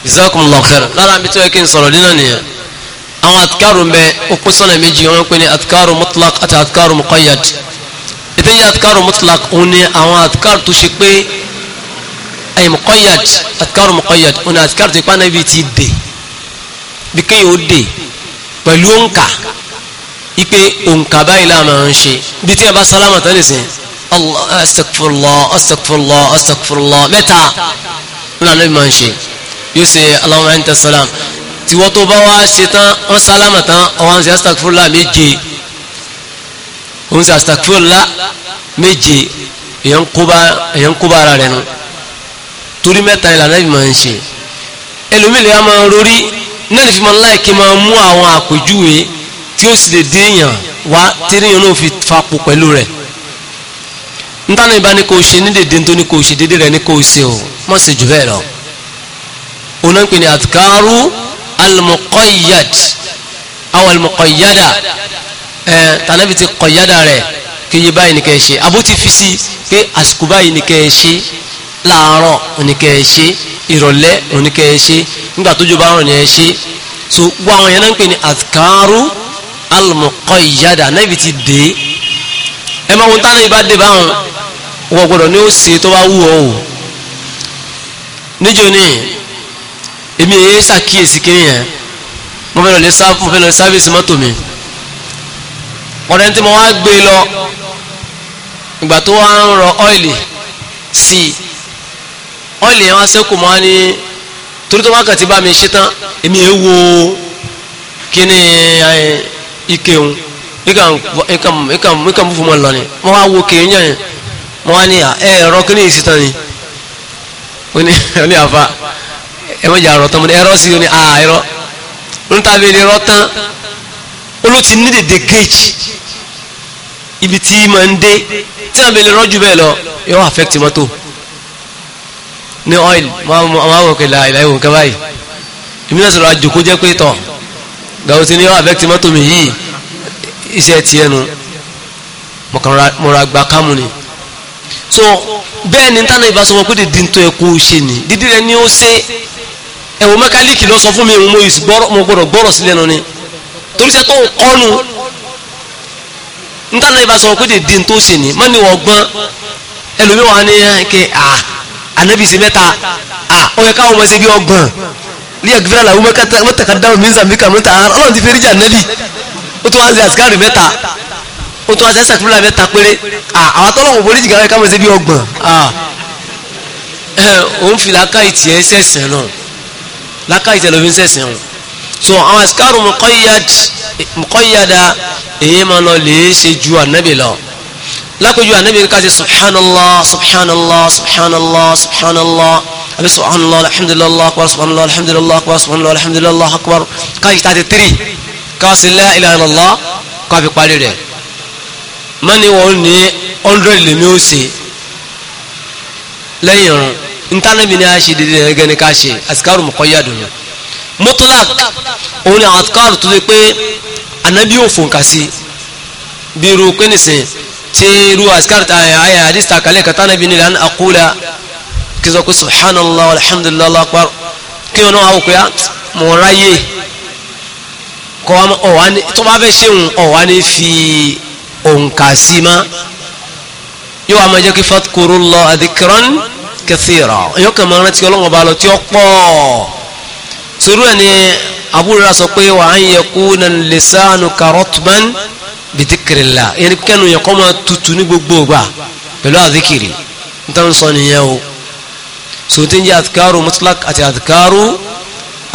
ìsọ́kùnrin lọ́kẹ́rẹ́ lára mi tó yẹ kí n sọ̀rọ̀ nínú nìyẹn àwọn àtikáàrù ń bẹ ó pín sọ́nà méjì wọ́n pè ní àtikáàrù mutlaq àti àtikáàrù muqayyad ètò yìí àtikáàrù mutlaq òun ni àwọn àtikáàrù tó ṣe pé ay muqayyad àtikáàrù muqayyad òun ni àtikáàrù tó ipá náà bí ti dè bí kéèyàn ó dè pẹ̀lú òǹkà ipe òǹkà báyìí la ń ṣe bí tí a bá sálámà tán nìsín allah astagfirullah astagfirullah astagfirullah mẹ́ta tiwọ́ tó bá wá ṣe tán wọ́n sálámà tán ọwọ́ ń ṣe astagfurla méje ń ṣe astagfurla méje èyàn kó bá ara rẹ̀ nu torí mẹ́ta ìlànà ìbí máa ń ṣe ẹlòmílẹ̀ a máa rórí náà ní fi máa láìkí máa mú àwọn àpèjúwe tí ó sì lè dé wá tíríyàn náà fi fapò pẹ̀lú rẹ̀ ntana ìbá ni kò ṣe ní dèdè tó ní kò ṣe dédé rẹ̀ ní kò ṣe o mọ̀ ṣe jù bẹ́ẹ̀ lọ. onáńpẹ̀ ni àtikáàrú al-muqayyad àwọn al-muqayyada ẹ̀ tànàbí ti kọ̀yádà rẹ̀ kí iye báyìí ní kẹ́ ṣe abó ti fi sí pé àsìkò báyìí ní kẹ́ ṣe láàárọ̀ ní kẹ́ ṣe ìrọ̀lẹ́ ní kẹ́ ṣe nígbà tójú bá rọ̀ ní ẹ ṣe so gbọ́ àwọn yẹn náà ń azkaru al-muqayyada náà ti dé ẹ máa wọn tánà ìbá dé báwọn wọ́n gbọ́dọ̀ ní ó ṣe tó bá wù ọ́ o níjó ní èmi èyí ṣàkíyèsí kiri yẹn mo fẹ́ lọ lé sáfù mo fẹ́ lọ lé sáfìsì mọ́tò mi ọ̀rẹ́ tí mo wá gbé lọ ìgbà tó wá ń rọ ọ́ìlì sí i ọ́ìlì yẹn wá sẹ́kù mọ́ ní torí tó wákàtí bá mi ṣe tán èmi èé wo kíní ìkéhun nǹkan mú mọ́ lọ ni mo wá wo kéhun yẹn mo wá ní ẹ̀rọ kíní ìsìtàn ni ó ní àfa ẹ mọ̀ jà rọ̀ tán mo ní ẹ̀rọ sí i ó ní à ẹ̀rọ ń tàbí ilé rọ̀ tán olóòtú ní dèdè gauge ibi tí máa ń dé tí àbí ilé rọ̀ jù bẹ́ẹ̀ lọ yóò affect mọ́tò ní oil máa wọ̀ kẹlẹ́ àìláyé wọn kẹ́ báyìí èmi náà sọ̀rọ̀ àjòkó jẹ́ pé tọ̀ gbàgbọ́ sí ni yóò affect mọ́tò mi yìí iṣẹ́ ti ẹnu mọ̀ra gba kámù ni so bẹ́ẹ̀ ni tánà ìbá sọ wọn pé dídí tó ẹkú ṣe ni dídí ni ó ṣe ẹ̀wọ̀n mẹ́kálíkì lọ sọ fún mi mo gbọ́dọ̀ gbọ́rọ̀ sílẹ̀ nù ni torí sẹ́ tó ń kọ́nu nítorí náà ibà sọ pé dèdè tó sì ní wọ́n gbọ́n ẹlòmíì wà ní ah, kí a anabi sí mẹ́ta a ah, ó yẹ káwọn ọmọ ṣe bí ọgbọ̀n ní ẹgbẹ́rẹ́ làwọn mẹ́tàkà dáhùn mí sàmìkà mẹ́ta ọlọ́run ti fi ríjà nẹ́bì ó tún wá sí àsìkárì mẹ́ta ó tún wá sí àsìkárì mẹ́ta péré ah, àwọn atọ́lọ́wọ̀n borí jìgá káwọn ṣe bí ọgbọ̀n òun fìlà ká ìtì ẹ̀ sẹ̀sẹ̀ náà láká ìtẹ̀lẹ̀ òfin sẹ̀sìn ọ̀hún so àwọn àsìkárù mọ̀kọ́yàdá èyí máa lọ lè ṣe ju ànábì lọ lákòjú ànábì ká ṣe subhanallah subhanallah subhanallah subhanallah àbí subhanallah alhamdulillah akbar subhanallah alhamdulillah akbar subhanallah alhamdulillah akbar káyì tàti tírì káṣí la ilaha illallah káfi parí rẹ̀ mọ́ni wọ́n ní 100 lèmi ó ṣe lẹ́yìn ọ̀run ntánàbí ni a ṣe dédé ẹgẹ́ ni ká ṣe àsìkárù muqayyadun mutlaq òun ni àsìkárù tó lè pé anábí ò fòǹkà sí bí irú pé nìsín tí irú àsìkárù àyà àdìsítà kalẹ̀ kàtánàbí ni lan aqula kí sọ pé subhanallah alhamdulillah Allahu akbar kí wọn náà wà wọ́pẹ́ ah, mọ̀ ráyè kọ́ ọ̀wá ní tó bá fẹ́ ṣéun ọ̀wá ní fi òǹkà sí ma yóò wá máa jẹ́ kí fadhkurullah dhikran kathira èyàn kàn máa rántí ọlọ́run ọba lọ tí ó pọ̀ sòrú ẹ̀ ni abúrúra sọ pé wa an yakuna lisanu karotman bidikirila yẹn kẹ́nu yẹn kọ́ máa tutù ní gbogbo ìgbà pẹ̀lú àdìkìrì nítorí sọ nìyẹn o sòtí ń jẹ́ àdìkárù mutlak àti àdìkárù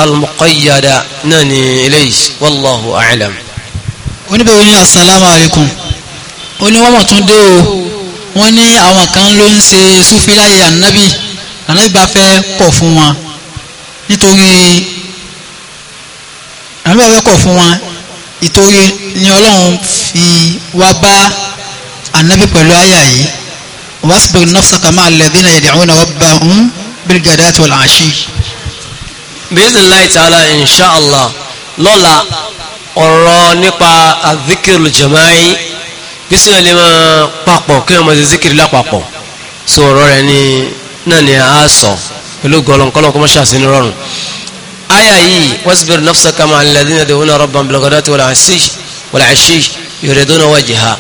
almuqayyada náà ni eléyìí wallahu a'lam. oníbẹ̀wò ní asalaamualeykum ó ní tún dé o wọ́n ní àwọn kan ló ń ṣe súfì láyé ànábì ànábì bá fẹ́ kọ̀ fún wọn nítorí ànábì bá fẹ́ kọ̀ fún wọn ìtorí ni ọlọ́run fi wá bá ànábì pẹ̀lú àyà yìí wasbir nafsaka ma'a alladhina yad'una rabbahum bil ghadati wal 'ashi. biiznillahi ta'ala insha lọ́la ọ̀rọ̀ nípa azikirul jama'i bí sí ọlẹ́ máa papọ̀ kí wọ́n máa ṣe zikiri lápapọ̀ so ọ̀rọ̀ rẹ̀ ni náà ni a sọ pẹ̀lú gọlọ́n kọ́ mọ́ṣá sí ní rọrùn. aya yìí wasbir nafsaka ma'a alladhina yad'una rabbahum bil ghadati wal 'ashi yuriduna wajha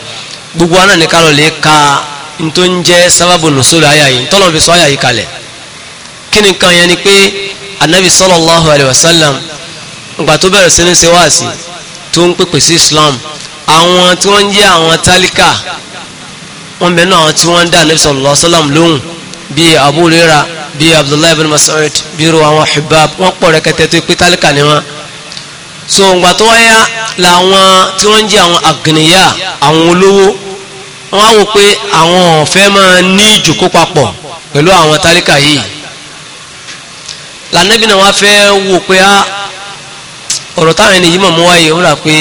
gbogbo aná ni kálọ̀ lè ka tó ń jẹ́ sábàbù nùsọ̀rọ̀ aya yìí tọ́lọ̀ fi sọ aya yìí kalẹ̀ kí ni kan yẹn ni pé anabi sallallahu alayhi wa sallam ngbà bẹ̀rẹ̀ sí ṣe wáàsí tó ń pèpè sí islam àwọn tí wọ́n ń jẹ́ àwọn tálíkà wọ́n bẹ̀rẹ̀ náà tí wọ́n ń dá Nabi sallallahu alaihi wasallam lóhùn bíi Abu Huraira bíi Abdullahi ibn Mas'ud bíi àwọn Hubab wọ́n pọ̀ rẹ̀kẹ̀tẹ̀ tó pé tálíkà ni wọ́n so ǹgbà tó wáyá làwọn tí wọ́n ń jẹ́ àwọn àgìnìyà àwọn olówó wọ́n á wò pé àwọn ọ̀fẹ́ máa ní ìjòkó papọ̀ pẹ̀lú àwọn tálíkà yìí lànàbí náà wọ́n á fẹ́ wò pé ah, ọ̀rọ̀ táwọn ẹni mọ̀ mú wáyé ó rà pé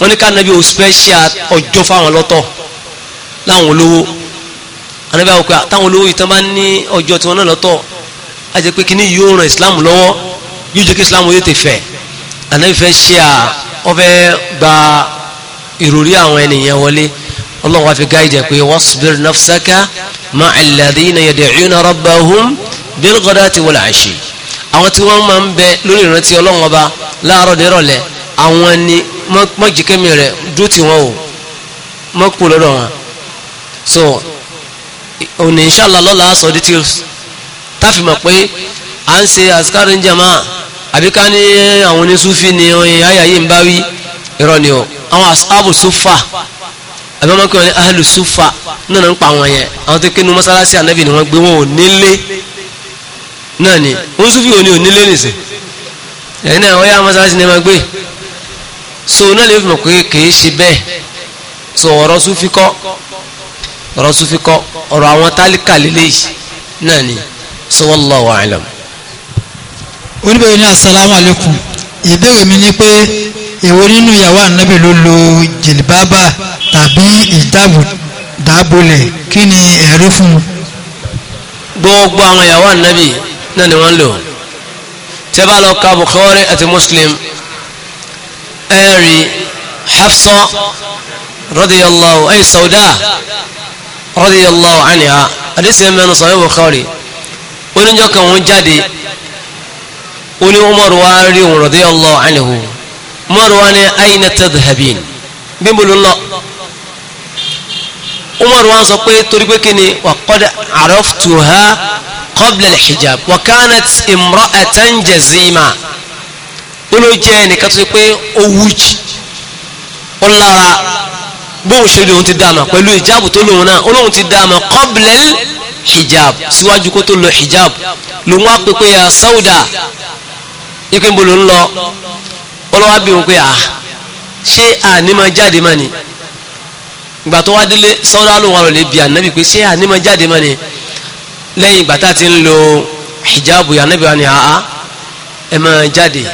wọ́n ní kánábí o special ọjọ́ fáwọn lọ́tọ̀ láwọn olówó anábí àwọn pé táwọn olówó yìí tán bá ní ọjọ́ tiwọn náà lọ́tọ̀ láti pé kíní yóò ran islam lọ́wọ́ yóò jẹ́ kí islam yóò ti fẹ̀ anábí fẹ́ ṣe ọfẹ́ gba ìròrí àwọn ènìyàn wọlé Allah wá fi gáìdì pé wasbir nafsaka ma'a alladhina yad'una rabbahum bil ghadati wal ashi àwọn tí wọ́n máa ń bẹ lórí ìrántí ọlọ́wọ́n ọba láàárọ̀ dérọ̀lẹ́ àwọn ni mọ́jìkẹ́mi rẹ̀ dúró tì wọ́n o mọ́kù lọ́dọ̀ wọn so òní inṣàlá lọ́la sọ details táfi mọ̀ pé à ń ṣe àsìkárí ń jẹ̀mọ́ ní àwọn ni oyin àyà ń bá wí ni o àwọn asáàbù sófà àbí wọn kí ní ahlu sófà náà ń pa àwọn yẹn àwọn tó mọ́sálásí ànábì ni wọ́n gbé wọn ò nílé náà ni òní ò nílé nìsín ẹ̀yin náà wọ́n so náà lè fi mọ̀ pé kìí ṣe bẹ́ẹ̀ so ọ̀rọ̀ súnfikọ́ ọ̀rọ̀ súnfikọ́ ọ̀rọ̀ àwọn tálíkà lélẹ́yìí náà ni so wallahu a'lam. oníbẹ̀rẹ̀ ní asalaamu alaykum ìbéèrè mi ni pé èwo nínú ìyàwó ànábì ló lo jìlìbábà tàbí ìjáàbù dábòlẹ̀ kí ni ẹ̀rí fún un. gbogbo àwọn ìyàwó ànábì náà ni wọ́n lò tẹ́ bá àti Muslim ẹ̀rì Hafsa radiyallahu ay Sauda radiyallahu anha àdísì ẹ̀mẹ́nu sọ̀rọ̀ Bukhari oníjọ́ kan wọ́n jáde oní Umar wa rí òun radiyallahu anhu Umar wa ní ayna tadhhabin bí mo lò lọ umar wa sọ pé torí pé kí ni wa qad araftuha qabla al-hijab wa kanat imra'atan jazima ó ló jẹ́ ẹnìkan tó ṣe pé ó wújì ó lára bóun ṣe lòun ti dáàmà pẹ̀lú hijab tó lòun náà ó lòun ti dáàmà kọ́bìlẹ́l hijab síwájú kó tó lọ hijab lòun wá pé pé ya Sauda ike ń lọ ó bí wọn pé à ah, ṣé ànímọ̀ jáde mọ́ ni ìgbà tó wá délé Sauda lòun wà lọ́lẹ́ bí ànábì pé ṣé ànímọ̀ jáde mọ́ ni lẹ́yìn ìgbà tá a ti ń lo hijab yà ànábì wa ni àá ẹ máa jáde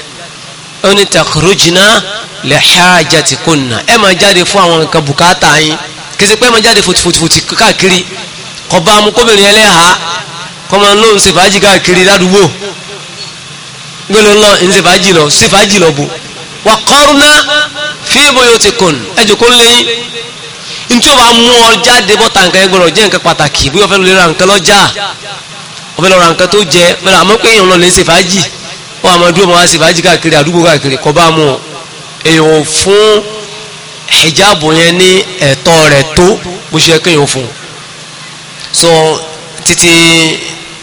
ó ní takhrujna li hajati kunna ẹ máa jáde fún àwọn nǹkan bùkátà yín kì í ṣe pé ẹ máa jáde fòtìfòtìfòtì káàkiri kọba amukobìnrin ẹlẹ́hà kọ́mọ ló ń ṣe fàájì káàkiri ládùúgbò gbé ló ń lọ ń ṣe fàájì lọ ṣe fàájì lọ bò wà qarna fi buyutikunna ẹ jòkó lẹ́yìn ntí o bá mú ọ jáde bọ́ta nǹkan ẹ gbọ́dọ̀ jẹ́ nǹkan pàtàkì bí wọ́n fẹ́ lọ ra nǹkan lọ́jà wọ́n fẹ́ lọ ra nǹkan tó jẹ wọn àmọ́ dúró máa ṣe fàájì káàkiri àdúgbò káàkiri kọ́ bá mú un èèyàn fún hijabu yẹn ní ẹ̀tọ́ rẹ̀ tó bó ṣe kéèyàn fún un so títí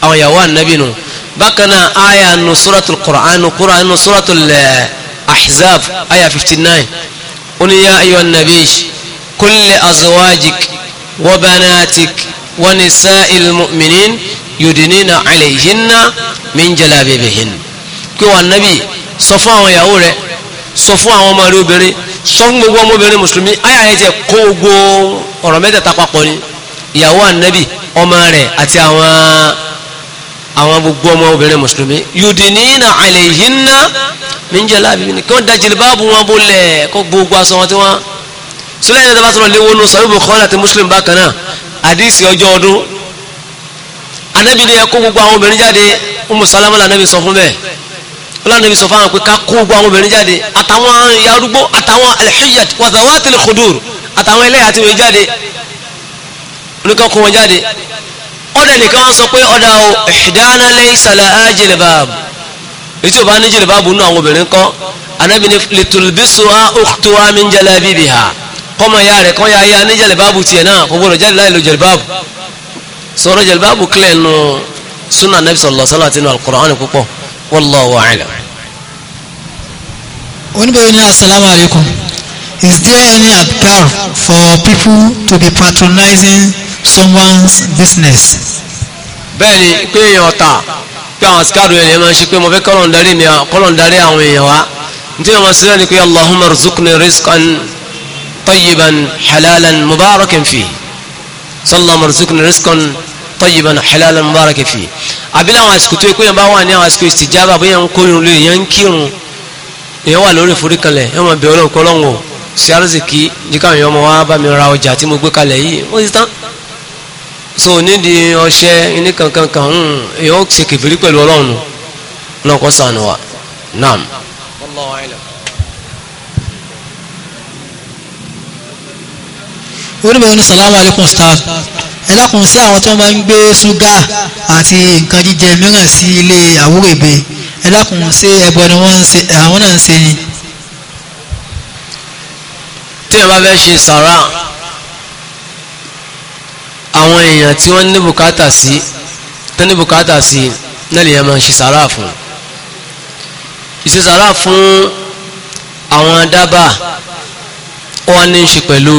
àwọn ìyàwó ànábì nù bákan náà àyà nù suratul Qur'an nù Qur'an nù suratul eh, àyà fifty nine ó ayọ̀ nàbí kulli azwajik wa banatik wa nisa'il mu'minin yudnina alayhinna min jalabibihin pé wà nábì sọ fún àwọn ìyàwó rẹ sọ fún àwọn ọmọ rẹ obìnrin sọ fún gbogbo ọmọbìnrin mùsùlùmí ayé ayé jẹ kó gbogbo ọ̀rọ̀ mẹ́tẹ̀ẹ̀ta papọ̀ ni ìyàwó ànábì ọmọ rẹ àti àwọn àwọn gbogbo ọmọ obìnrin mùsùlùmí yudinina alayhinna min jalabibihinna kí wọ́n da jìlìbáàbù wọn bólẹ̀ kó gbogbo aṣọ wọn tí wọ́n sílẹ̀ yẹn dábàá sọ̀rọ̀ léwu nù sọ̀rọ̀ Bukhari àti Muslim bákan náà àdìsí ọjọ́ ọdún ànábì ni ẹ kó gbogbo àwọn obìnrin jáde Ummu Salama la ànábì sọ fún bẹ́ẹ̀ ọlọ́nàbí sọ fáwọn pé ká kó gbogbo àwọn obìnrin jáde àtàwọn yarúgbó àtàwọn alhiyat wàtàwátìlì khudur àtàwọn ẹlẹ́yà àti ìwé jáde oníkan kó wọn jáde ọ̀dà nìkan wọn sọ pé ọ̀dà o ihdana laysa laha jilbab èyí tí ò bá ní jilbab nù àwọn obìnrin kọ́ anábì ní litulbisuha ukhtuha min jalabibiha kọ́mọ ya rẹ̀ kọ́ ya ya ní jilbab tiẹ̀ náà kò gbọdọ̀ jáde láì lo jilbab nabi sallallahu alaihi wa sallam àti nù al-Qur'an púpọ̀ wallahu a'lam. oníbẹ̀rẹ̀ ní asalaamu alaykum is there any adhkar for people to be patronizing someone's business. bẹ́ẹ̀ni pé èèyàn ta pé àwọn asikaru yẹn máa ń ṣe pé mo fẹ́ kọ́lọ̀ darí ni kọ́lọ̀ darí àwọn èèyàn wa ntí wọn máa ni pé allahumma rzuqni rizqan tayyiban halalan mubarakan fi sallallahu rzuqni rizqan tayyiban halalan mubarakan fi àbí láwọn àsìkò tó yẹ pé yẹn bá wà ní àwọn àsìkò ìsìjábà bóyá ń kórìín lóye yẹn ń kírun èèyàn wà lórí ìforíkanlẹ̀ yẹn máa bẹ ọlọ́run kọ́ ọlọ́run o sí àrùsìkì níkà àwọn ọmọ wa bá mi ra ọjà tí mo gbé kalẹ̀ yìí ó ti tán so nídìí ọṣẹ ní kankankan hmm, èèyàn ó ṣe kèfèrí pẹ̀lú ọlọ́run náà kọ́ sànù wa naam. Wallahu ẹ dákun sí àwọn tí wọ́n bá ń gbé ṣúgà àti nǹkan jíjẹ mìíràn sí ilé àwúrèbe ẹ dákun sí ẹbọ ni wọ́n ń ṣe àwọn náà ń ṣe ni. tí ẹ bá fẹ́ ṣe sàrà àwọn èèyàn tí wọ́n ní bùkátà sí tó ní bùkátà sí náà lè máa ń ṣe sàrà fún ìṣe sàrà fún àwọn dábàá wọn ní í ṣe pẹ̀lú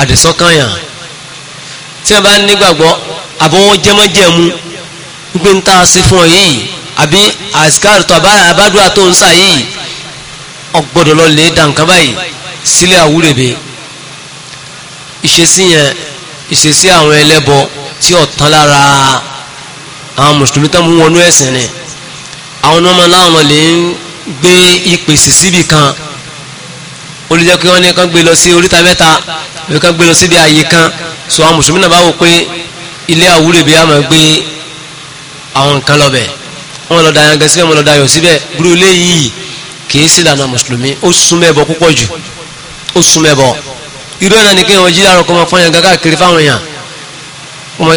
àdìsọ́kànyàn tí wọ́n bá nígbàgbọ́ àbọ̀ wọn jẹ́mọ́jẹ́mu wípé ń tá a sí fún ọ yìí àbí àsìkáàrù tó àbádùá tó ń sà yìí ọgbọ́dọ̀ lọ lè dà nǹkan báyìí sílẹ̀ àwúrèbe ìṣesí yẹn ìṣesí àwọn ẹlẹ́bọ tí ọ̀tán lára àwọn mùsùlùmí tó mú wọnú ẹ̀sìn ni àwọn ọmọ láwọn lè ń gbé ìpèsè síbì kan olùjẹ́ pé wọ́n ní kán gbé lọ sí oríta mẹ́ta ẹbí ká gbé lọ síbi ààyè kan so àwọn mùsùlùmí náà bá wò pé ilé àwúrẹ̀bí àmọ́ gbé àwọn nǹkan lọ́bẹ̀ wọ́n lọ da yangan síbẹ̀ wọ́n lọ da yọ̀ síbẹ̀ gbúrú ilé yìí kìí sí ìlànà mùsùlùmí ó súnmọ́ ẹbọ púpọ̀ jù ó súnmọ́ ẹbọ irú ẹ̀ náà ni kí wọ́n jí àrùn kọ́ máa fọ́n yangan káàkiri fáwọn èèyàn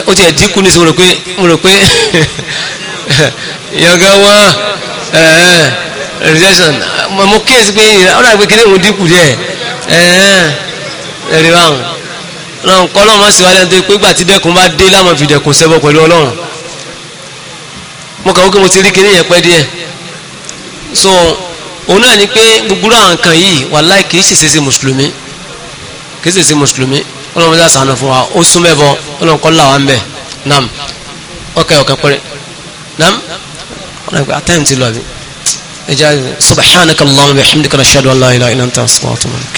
ó ti dínkù ní ìsìn mo rò pé yangan wọn rejection mo kíyèsí pé ọ̀rọ̀ àgbékéré òun dínkù díẹ̀ ẹ̀rí báwọn ọlọ́run kọ́ ọlọ́run sì wá lẹ́nu tó pé gbà tí dẹ́kun bá dé láwọn fi dẹ́kun sẹ́bọ̀ pẹ̀lú ọlọ́run mo kàn wípé mo ti rí kinní yẹn pẹ́ díẹ̀ so òun náà ni pé gbogbo àwọn nǹkan yìí wàláì kì í ṣèṣe sí mùsùlùmí kì í ṣèṣe mùsùlùmí ọlọ́run mi dá sànù fún wa ó sún mẹ́bọ ọlọ́run kọ́ làwọn bẹ̀ nam ọkẹ́ ọkẹ́ pẹ́rẹ́ nam ọlọ́run àtẹ́yìn ti lọ bí ẹja subhanaka allahumma bihamdika ashhadu an la ilaha illa anta astaghfiruka